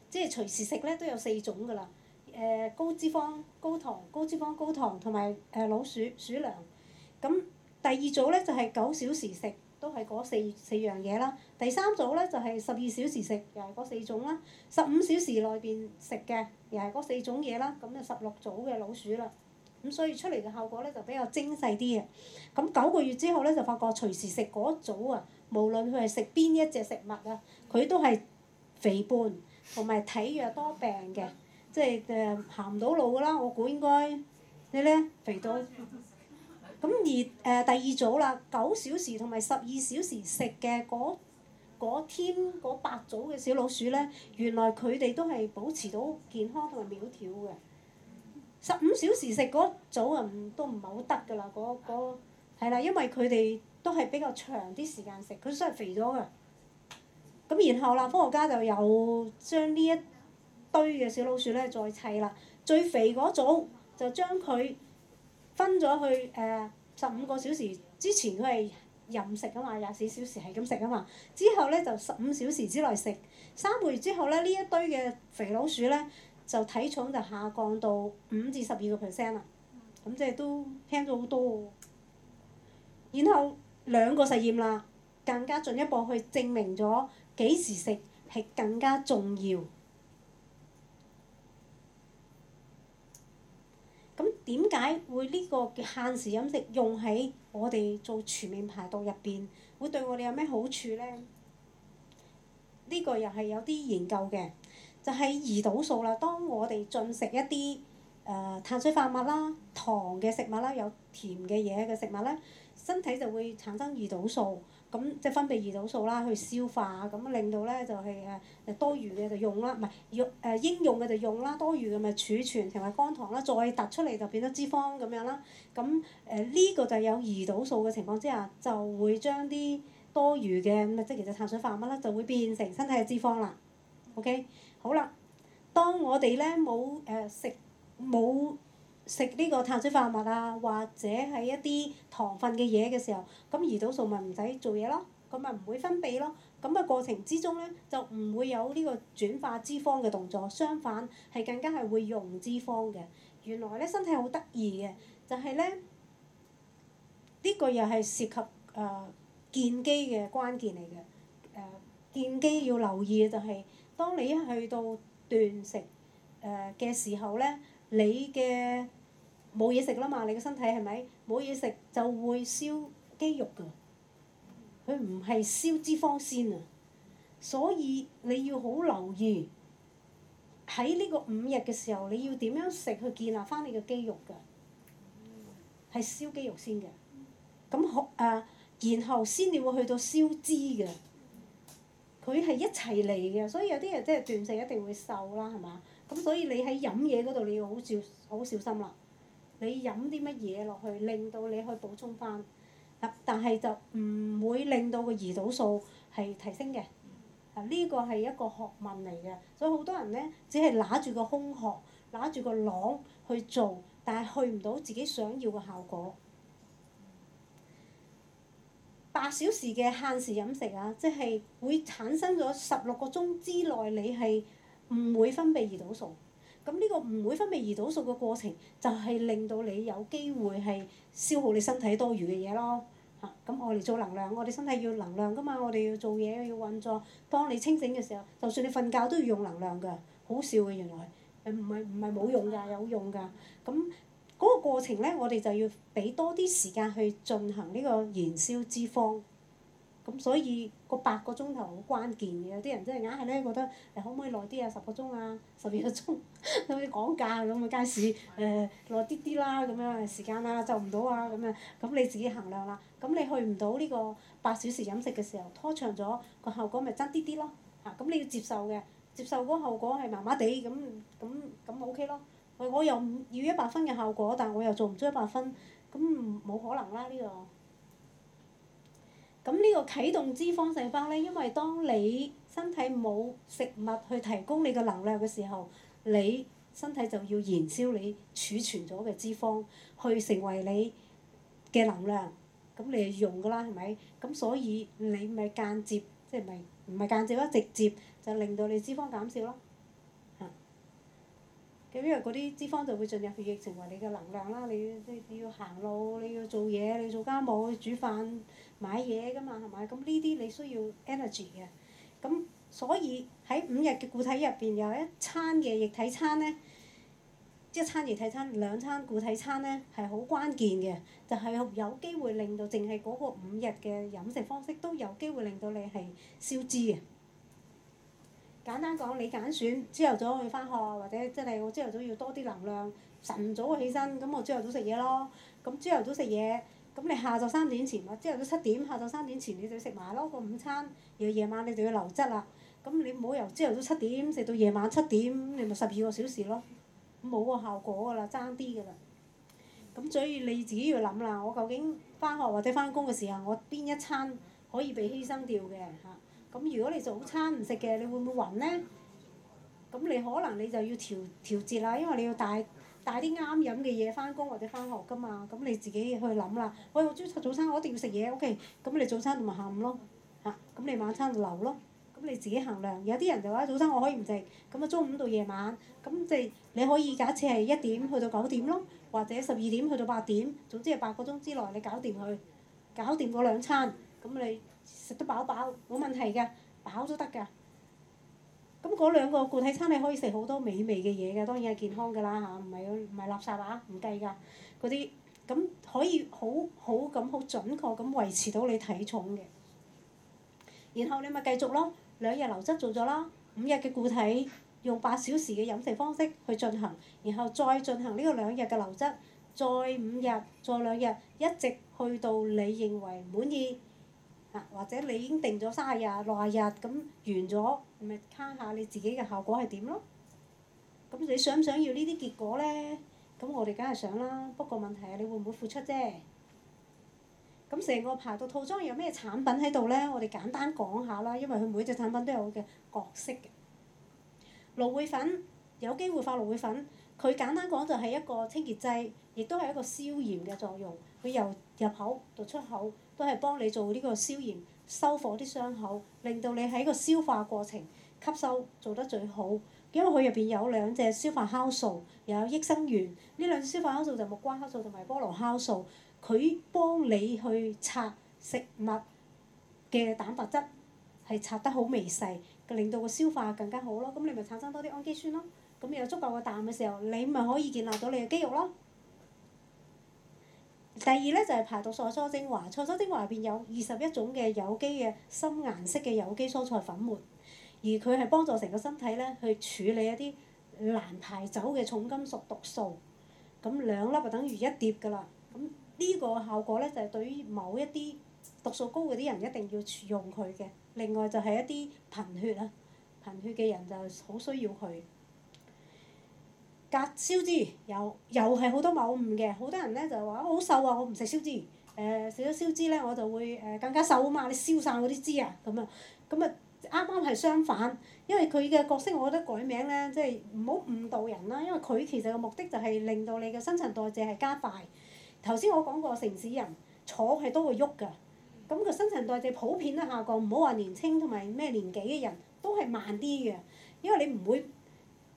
即係隨時食咧都有四種噶啦。誒高脂肪、高糖、高脂肪高糖同埋誒老鼠鼠糧。咁第二組咧就係九小時食。都係嗰四四樣嘢啦。第三組咧就係十二小時食，又係嗰四種啦。十五小時內邊食嘅，又係嗰四種嘢啦。咁就十六組嘅老鼠啦。咁所以出嚟嘅效果咧就比較精細啲嘅。咁九個月之後咧就發覺隨時食嗰組啊，無論佢係食邊一隻食物啊，佢都係肥胖同埋體弱多病嘅，即係誒行唔到路噶啦。我估應該你咧肥到。咁而誒、呃、第二組啦，九小時同埋十二小時食嘅嗰嗰天嗰八組嘅小老鼠咧，原來佢哋都係保持到健康同埋苗條嘅。十五小時食嗰組啊，唔都唔係好得㗎啦，嗰嗰係啦，因為佢哋都係比較長啲時間食，佢真係肥咗㗎。咁然後啦，科學家就又將呢一堆嘅小老鼠咧再砌啦，最肥嗰組就將佢。分咗去誒十五個小時之前佢係任食噶嘛廿四小時係咁食噶嘛，之後咧就十五小時之內食，三回之後咧呢一堆嘅肥老鼠咧就體重就下降到五至十二個 percent 啦，咁即係都輕咗好多喎、啊。然後兩個實驗啦，更加進一步去證明咗幾時食係更加重要。點解會呢個嘅限時飲食用喺我哋做全面排毒入邊，會對我哋有咩好處咧？呢、呢個又係有啲研究嘅，就係、係、胰島素啦。當我哋進食一啲誒、呃、碳水化合物啦、糖嘅食物啦、有甜嘅嘢嘅食物咧，身體就會產生胰島素。咁即係分泌胰島素啦，去消化，咁令到咧就係誒誒多餘嘅就用啦，唔係用誒應用嘅就用啦，多餘嘅咪、呃、儲存成為肝糖啦，再突出嚟就變咗脂肪咁樣啦。咁誒呢個就有胰島素嘅情況之下，就會將啲多餘嘅即其實碳水化合物啦，就會變成身體嘅脂肪啦。嗯、OK，好啦，當我哋咧冇誒食冇。食呢個碳水化合物啊，或者係一啲糖分嘅嘢嘅時候，咁胰島素咪唔使做嘢咯，咁咪唔會分泌咯。咁、那、啊、個、過程之中咧，就唔會有呢個轉化脂肪嘅動作，相反係更加係會溶脂肪嘅。原來咧身體好得意嘅，就係、是、咧，呢、這個又係涉及誒健、呃、肌嘅關鍵嚟嘅。誒、呃、健肌要留意嘅就係、是，當你一去到斷食誒嘅、呃、時候咧。你嘅冇嘢食啦嘛，你嘅身體係咪冇嘢食就會燒肌肉㗎，佢唔係燒脂肪先啊，所以你要好留意喺呢個五日嘅時候，你要點樣食去建立返你嘅肌肉㗎，係燒肌肉先嘅，咁好啊，然後先至會去到燒脂嘅，佢係一齊嚟嘅，所以有啲人即係斷食一定會瘦啦，係嘛？咁、嗯、所以你喺飲嘢嗰度你要好小好，好小心啦。你飲啲乜嘢落去，令到你可以補充翻。但係就唔會令到個胰島素係提升嘅。呢個係一個學問嚟嘅，所以好多人呢，只係揦住個空殼，揦住個囊去做，但係去唔到自己想要嘅效果。八小時嘅限時飲食啊，即係會產生咗十六個鐘之內，你係。唔會分泌胰島素，咁呢個唔會分泌胰島素嘅過程，就係令到你有機會係消耗你身體多餘嘅嘢咯。嚇，咁我哋做能量，我哋身體要能量㗎嘛，我哋要做嘢要運作。當你清醒嘅時候，就算你瞓覺都要用能量㗎，好笑嘅原來。誒，唔係，唔係冇用㗎，有用㗎。咁嗰個過程咧，我哋就要俾多啲時間去進行呢個燃燒脂肪。咁所以個八個鐘頭好關鍵嘅，有啲人真係硬係咧覺得誒可唔可以耐啲啊？十個鐘啊，十二個鐘，都 會講價咁啊！街市誒耐啲啲啦，咁樣時間啊，就唔到啊咁啊，咁你自己衡量啦。咁你去唔到呢個八小時飲食嘅時候，拖長咗個效果咪爭啲啲咯。咁、啊、你要接受嘅，接受嗰個效果係麻麻地咁，咁咁咪 ok 咯。我又要一百分嘅效果，但我又做唔出一百分，咁冇可能啦呢、這個。咁呢個啟動脂肪細胞咧，因為當你身體冇食物去提供你嘅能量嘅時候，你身體就要燃燒你儲存咗嘅脂肪，去成為你嘅能量。咁你係用㗎啦，係咪？咁所以你咪間接，即係咪唔係間接啦，直接就令到你脂肪減少咯。嚇！咁因為嗰啲脂肪就會進入血液成為你嘅能量啦，你要要行路，你要做嘢，你做家務，煮飯。買嘢㗎嘛，係咪？咁呢啲你需要 energy 嘅。咁所以喺五日嘅固體入邊，有一餐嘅液體餐咧，一餐液體餐，兩餐固體餐咧係好關鍵嘅。就係有機會令到淨係嗰個五日嘅飲食方式都有機會令到你係消脂嘅。簡單講，你揀選朝頭早去返學，或者即係我朝頭早要多啲能量。晨早起身，咁我朝頭早食嘢咯。咁朝頭早食嘢。咁你下晝三點前啦，朝頭早七點，下晝三點前你就要食埋咯個午餐。然後夜晚你就要留質啦。咁你唔好由朝頭早七點食到夜晚七點，你咪十二個小時咯。咁冇個效果噶啦，爭啲噶啦。咁所以你自己要諗啦，我究竟返學或者返工嘅時候，我邊一餐可以被犧牲掉嘅嚇？咁如果你早餐唔食嘅，你會唔會暈咧？咁你可能你就要調調節啦，因為你要帶。帶啲啱飲嘅嘢，翻工或者翻學噶嘛，咁你自己去諗啦。喂，我我中意早餐，我一定要食嘢，OK。咁你早餐同埋下午咯，嚇、啊，咁你晚餐就留咯。咁你自己衡量。有啲人就話早餐我可以唔食，咁啊中午到夜晚，咁即係你可以假設係一點去到九點咯，或者十二點去到八點，總之係八個鐘之內你搞掂佢，搞掂嗰兩餐，咁你食得飽飽，冇問題㗎，飽都得㗎。咁嗰、嗯、兩個固體餐你可以食好多美味嘅嘢㗎，當然係健康㗎啦嚇，唔係唔係垃圾啊，唔計㗎嗰啲，咁可以好好咁好準確咁維持到你體重嘅。然後你咪繼續咯，兩日流質做咗啦，五日嘅固體用八小時嘅飲食方式去進行，然後再進行呢個兩日嘅流質，再五日，再兩日，一直去到你認為滿意，啊或者你已經定咗卅日、六廿日咁完咗。咪卡下你自己嘅效果係點咯？咁你想唔想要呢啲結果咧？咁我哋梗係想啦，不過問題係你會唔會付出啫？咁成個排毒套裝有咩產品喺度咧？我哋簡單講下啦，因為佢每隻產品都有嘅角色嘅。蘆薈粉，有機會化蘆薈粉，佢簡單講就係一個清潔劑，亦都係一個消炎嘅作用。佢由入口到出口都係幫你做呢個消炎。收火啲傷口，令到你喺個消化過程吸收做得最好，因為佢入邊有兩隻消化酵素，又有益生元，呢兩隻消化酵素就木瓜酵素同埋菠蘿酵素，佢幫你去拆食物嘅蛋白質，係拆得好微細，令到個消化更加好咯，咁你咪產生多啲氨基酸咯，咁有足夠嘅氮嘅時候，你咪可以建立到你嘅肌肉咯。第二咧就係、是、排毒素蔬精華，蔬精華入邊有二十一種嘅有機嘅深顏色嘅有機蔬菜粉末，而佢係幫助成個身體咧去處理一啲難排走嘅重金屬毒素。咁兩粒就等於一碟㗎啦，咁呢個效果咧就係、是、對於某一啲毒素高嗰啲人一定要用佢嘅。另外就係一啲貧血啊，貧血嘅人就好需要佢。減燒脂又又係好多謬誤嘅，好多人咧就話啊我好瘦啊，我唔食燒脂，誒食咗燒脂咧我就會誒、呃、更加瘦啊嘛，你燒晒我啲脂啊咁啊，咁啊啱啱係相反，因為佢嘅角色，我覺得改名咧即係唔好誤導人啦，因為佢其實個目的就係令到你嘅新陳代謝係加快。頭先我講過城市人坐係都會喐㗎，咁個新陳代謝普遍都下降，唔好話年青同埋咩年紀嘅人都係慢啲嘅，因為你唔會。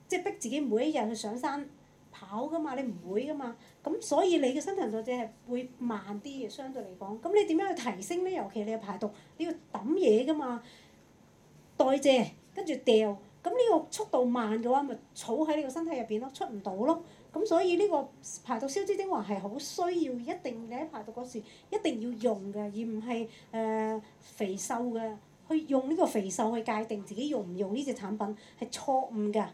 即係逼自己每一日去上山跑噶嘛，你唔會噶嘛，咁所以你嘅新陳代謝係會慢啲嘅，相對嚟講。咁你點樣去提升咧？尤其你排毒，你要揼嘢噶嘛，代謝跟住掉。咁呢個速度慢嘅話，咪儲喺你個身體入邊咯，出唔到咯。咁所以呢個排毒消脂精華係好需要，一定你喺排毒嗰時一定要用嘅，而唔係誒肥瘦嘅去用呢個肥瘦去界定自己用唔用呢隻產品係錯誤㗎。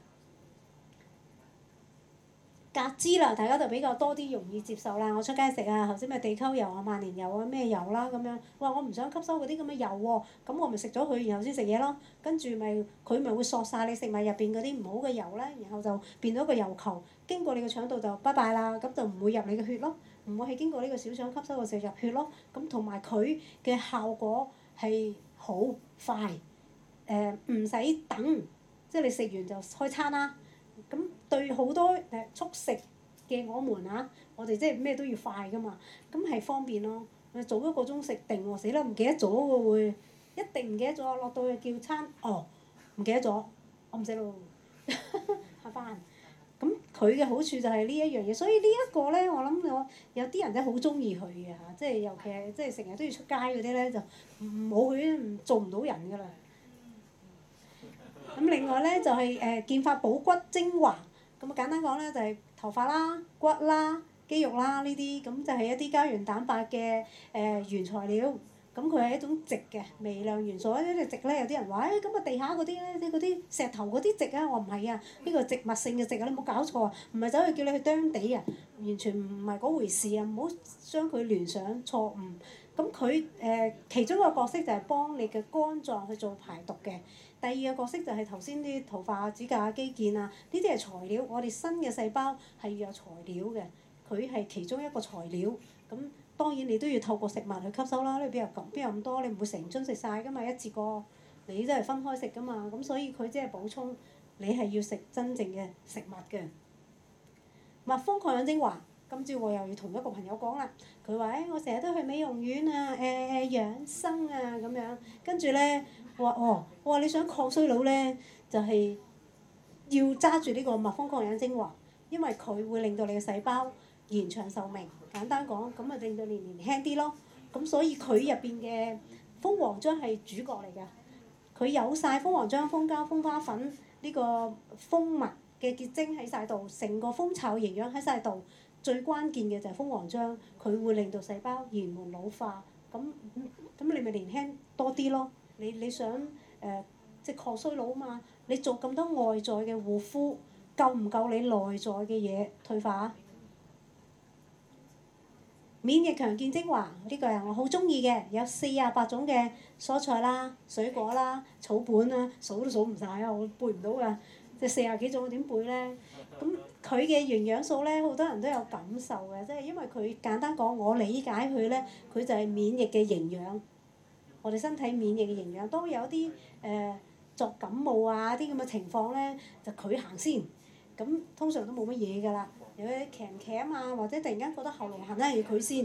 隔脂啦，大家就比較多啲容易接受啦。我出街食啊，頭先咪地溝油啊、萬年油啊、咩油啦、啊、咁樣。哇！我唔想吸收嗰啲咁嘅油喎、啊，咁我咪食咗佢，然後先食嘢咯。跟住咪佢咪會索晒你食物入邊嗰啲唔好嘅油咧，然後就變咗個油球，經過你個腸道就拜拜 e b 啦，咁就唔會入你嘅血咯，唔會係經過呢個小腸吸收嘅或候入血咯。咁同埋佢嘅效果係好快，誒唔使等，即係你食完就開餐啦。咁對好多誒速食嘅我們嚇、啊，我哋即係咩都要快㗎嘛，咁係方便咯。早一個鐘食定喎，死啦唔記得咗嘅會，一定唔記得咗，落到去叫餐，哦，唔記得咗，我唔食咯，嚇翻。咁佢嘅好處就係呢一樣嘢，所以呢一個咧，我諗我有啲人咧好中意佢嘅嚇，即係尤其係即係成日都要出街嗰啲咧就，唔冇佢做唔到人㗎啦。咁另外咧就係誒健髮補骨精華，咁啊簡單講咧就係頭髮啦、骨啦、肌肉啦呢啲，咁就係一啲膠原蛋白嘅誒原材料。咁佢係一種植嘅微量元素，一啲植咧有啲人話誒咁啊地下嗰啲咧即嗰啲石頭嗰啲植啊，我唔係啊，呢個植物性嘅植啊，你冇搞錯啊，唔係走去叫你去釘地啊，完全唔係嗰回事啊，唔好將佢聯想錯誤。咁佢誒其中一個角色就係幫你嘅肝臟去做排毒嘅。第二個角色就係頭先啲頭髮、指甲啊、肌腱啊，呢啲係材料。我哋新嘅細胞係要有材料嘅，佢係其中一個材料。咁當然你都要透過食物去吸收啦。呢邊又咁邊又咁多，你唔會成樽食晒噶嘛，一次過，你都係分開食噶嘛。咁所以佢只係補充，你係要食真正嘅食物嘅。蜜蜂抗氧精華，今朝我又要同一個朋友講啦。佢話：誒，我成日都去美容院啊，誒誒養生啊咁樣，跟住咧。話哦，話、哦、你想抗衰老咧，就係、是、要揸住呢個蜜蜂抗氧精華，因為佢會令到你嘅細胞延長壽命。簡單講，咁咪令到你年輕啲咯。咁所以佢入邊嘅蜂王漿係主角嚟㗎，佢有晒蜂王漿、蜂膠、蜂膠、蜂花粉呢、這個蜂蜜嘅結晶喺晒度，成個蜂巢營養喺晒度。最關鍵嘅就係蜂王漿，佢會令到細胞延緩老化。咁咁你咪年輕多啲咯。你你想誒即係抗衰老嘛？你做咁多外在嘅護膚，夠唔夠你內在嘅嘢退化啊？免疫強健精華呢個啊，我好中意嘅，有四十八種嘅蔬菜啦、水果啦、草本啦，數都數唔曬啊！我背唔到㗎，即係四十幾種點背咧？咁佢嘅營養素咧，好多人都有感受嘅，即係因為佢簡單講，我理解佢咧，佢就係免疫嘅營養。我哋身體免疫嘅營養都有啲誒作感冒啊啲咁嘅情況咧，就佢行先，咁通常都冇乜嘢㗎啦，有啲咳咳啊，或者突然間覺得喉嚨痕要佢先，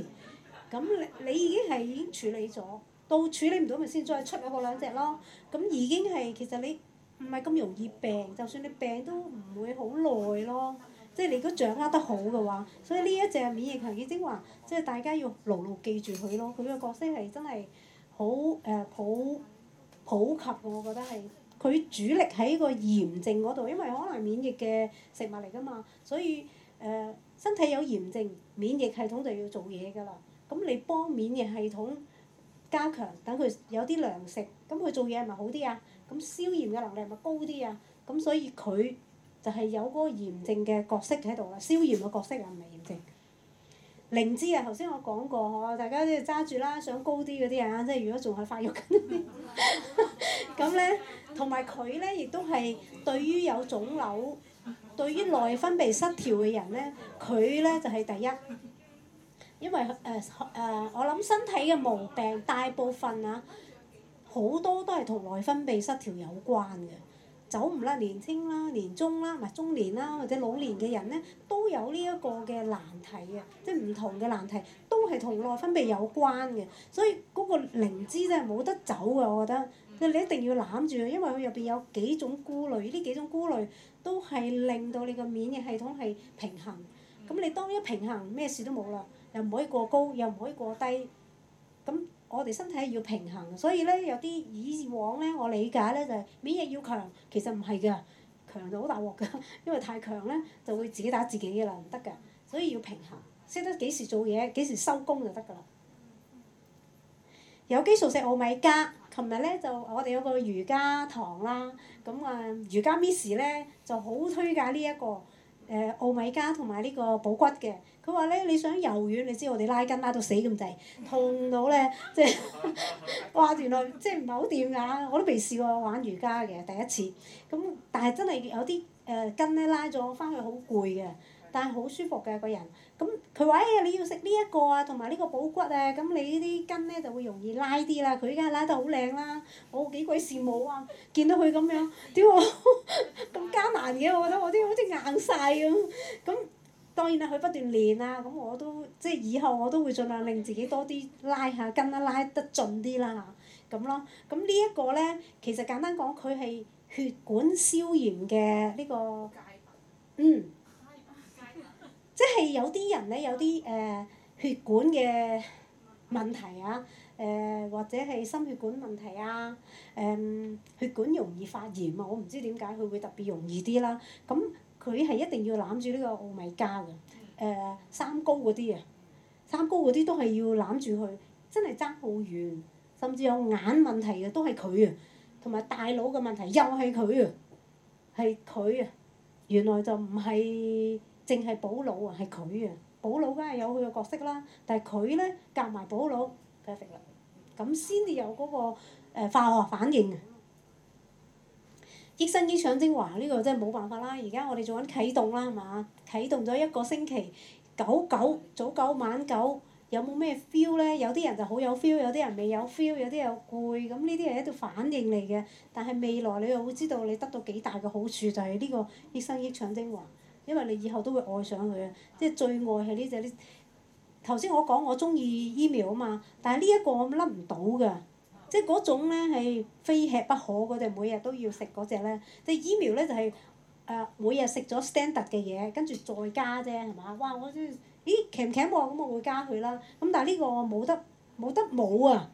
咁你你已經係已經處理咗，到處理唔到咪先再出嗰兩隻咯，咁已經係其實你唔係咁容易病，就算你病都唔會好耐咯，即係你都掌握得好嘅話，所以呢一隻免疫強健精華，即係大家要牢牢記住佢咯，佢嘅角色係真係。好誒普普，普及我覺得係佢主力喺個炎症嗰度，因為可能免疫嘅食物嚟㗎嘛，所以誒、呃、身體有炎症，免疫系統就要做嘢㗎啦。咁你幫免疫系統加強，等佢有啲糧食，咁佢做嘢係咪好啲啊？咁消炎嘅能力係咪高啲啊？咁所以佢就係有嗰個炎症嘅角色喺度啦，消炎嘅角色係、啊、唔係炎症？靈芝啊，頭先我講過嗬，大家都要揸住啦，想高啲嗰啲人啊，即係如果仲係發育緊嗰啲，咁咧同埋佢咧亦都係對於有腫瘤，對於內分泌失調嘅人咧，佢咧就係、是、第一，因為誒誒、呃呃，我諗身體嘅毛病大部分啊，好多都係同內分泌失調有關嘅。走唔甩年青啦、年中啦，唔係中年啦，或者老年嘅人咧，都有呢一個嘅難題嘅，即係唔同嘅難題，都係同內分泌有關嘅。所以嗰個靈芝真係冇得走嘅，我覺得。你一定要攬住佢，因為佢入邊有幾種菇類，呢幾種菇類都係令到你個免疫系統係平衡。咁你當一平衡，咩事都冇啦，又唔可以過高，又唔可以過低，咁。我哋身體要平衡，所以咧有啲以往咧，我理解咧就係免疫要強，其實唔係噶，強就好大鑊噶，因為太強咧就會自己打自己嘅啦，唔得噶，所以要平衡，識得幾時做嘢，幾時收工就得噶啦。 有機素食奧米加，琴日咧就我哋有個瑜伽堂啦，咁啊、呃、瑜伽 Miss 咧就好推介呢一個。誒奧、嗯、米加同埋呢個補骨嘅，佢話咧你想柔軟，你知我哋拉筋拉到死咁滯，痛到咧即係嘩原來，即係唔係好掂㗎？我都未試過玩瑜伽嘅第一次，咁但係真係有啲誒、呃、筋咧拉咗，翻去好攰嘅。但係好舒服嘅個人，咁佢話：哎呀，你要食呢一個啊，同埋呢個補骨啊，咁你呢啲筋咧就會容易拉啲啦。佢而家拉得好靚啦，我幾鬼羨慕啊！見到佢咁樣，屌！點解咁艱難嘅？我覺得我啲好似硬晒咁。咁當然啦，佢不斷練啊，咁我都即係以後我都會盡量令自己多啲拉下筋啊，拉得盡啲啦咁咯。咁呢一個咧，其實簡單講，佢係血管消炎嘅呢個，嗯。嗯嗯。即係有啲人咧，有啲誒血管嘅問題啊，誒或者係心血管問題啊，誒血管容易發炎啊，我唔知點解佢會特別容易啲啦。咁佢係一定要攬住呢個奧米加嘅，誒三高嗰啲啊，三高嗰啲都係要攬住佢，真係差好遠。甚至有眼問題嘅都係佢啊，同埋大腦嘅問題又係佢啊，係佢啊，原來就唔係。淨係補腦啊，係佢啊，補腦梗係有佢個角色啦。但係佢咧夾埋補腦，佢就食啦。咁先至有嗰個誒化學反應啊！益生益腸精華呢個真係冇辦法啦。而家我哋做緊啟動啦，係嘛？啟動咗一個星期，九九早九晚九，有冇咩 feel 咧？有啲人就好有 feel，有啲人未有 feel，有啲又攰。咁呢啲係一種反應嚟嘅，但係未來你又會知道你得到幾大嘅好處，就係呢個益生益腸精華。因為你以後都會愛上佢嘅，即係最愛係呢隻呢。頭先我講我中意 email 啊嘛，但係呢一個我甩唔到㗎，即係嗰種咧係非吃不可嗰隻，每日都要食嗰隻咧。即係 email 咧就係、是，誒每日食咗 standard 嘅嘢，跟住再加啫係嘛？哇我，咦 can can 喎，咁我會加佢啦。咁但係呢個我冇得冇得冇啊，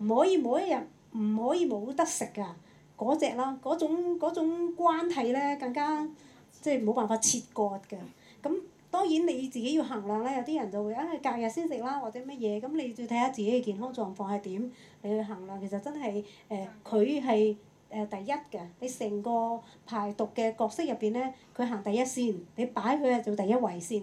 唔可以每一日唔可以冇得食㗎。嗰隻咯，嗰種嗰種關係咧更加。即係冇辦法切割㗎，咁當然你自己要衡量啦。有啲人就會啊，隔、哎、日先食啦，或者乜嘢咁，你要睇下自己嘅健康狀況係點，你去衡量。其實真係誒，佢係誒第一㗎。你成個排毒嘅角色入邊咧，佢行第一線，你擺佢做第一位先。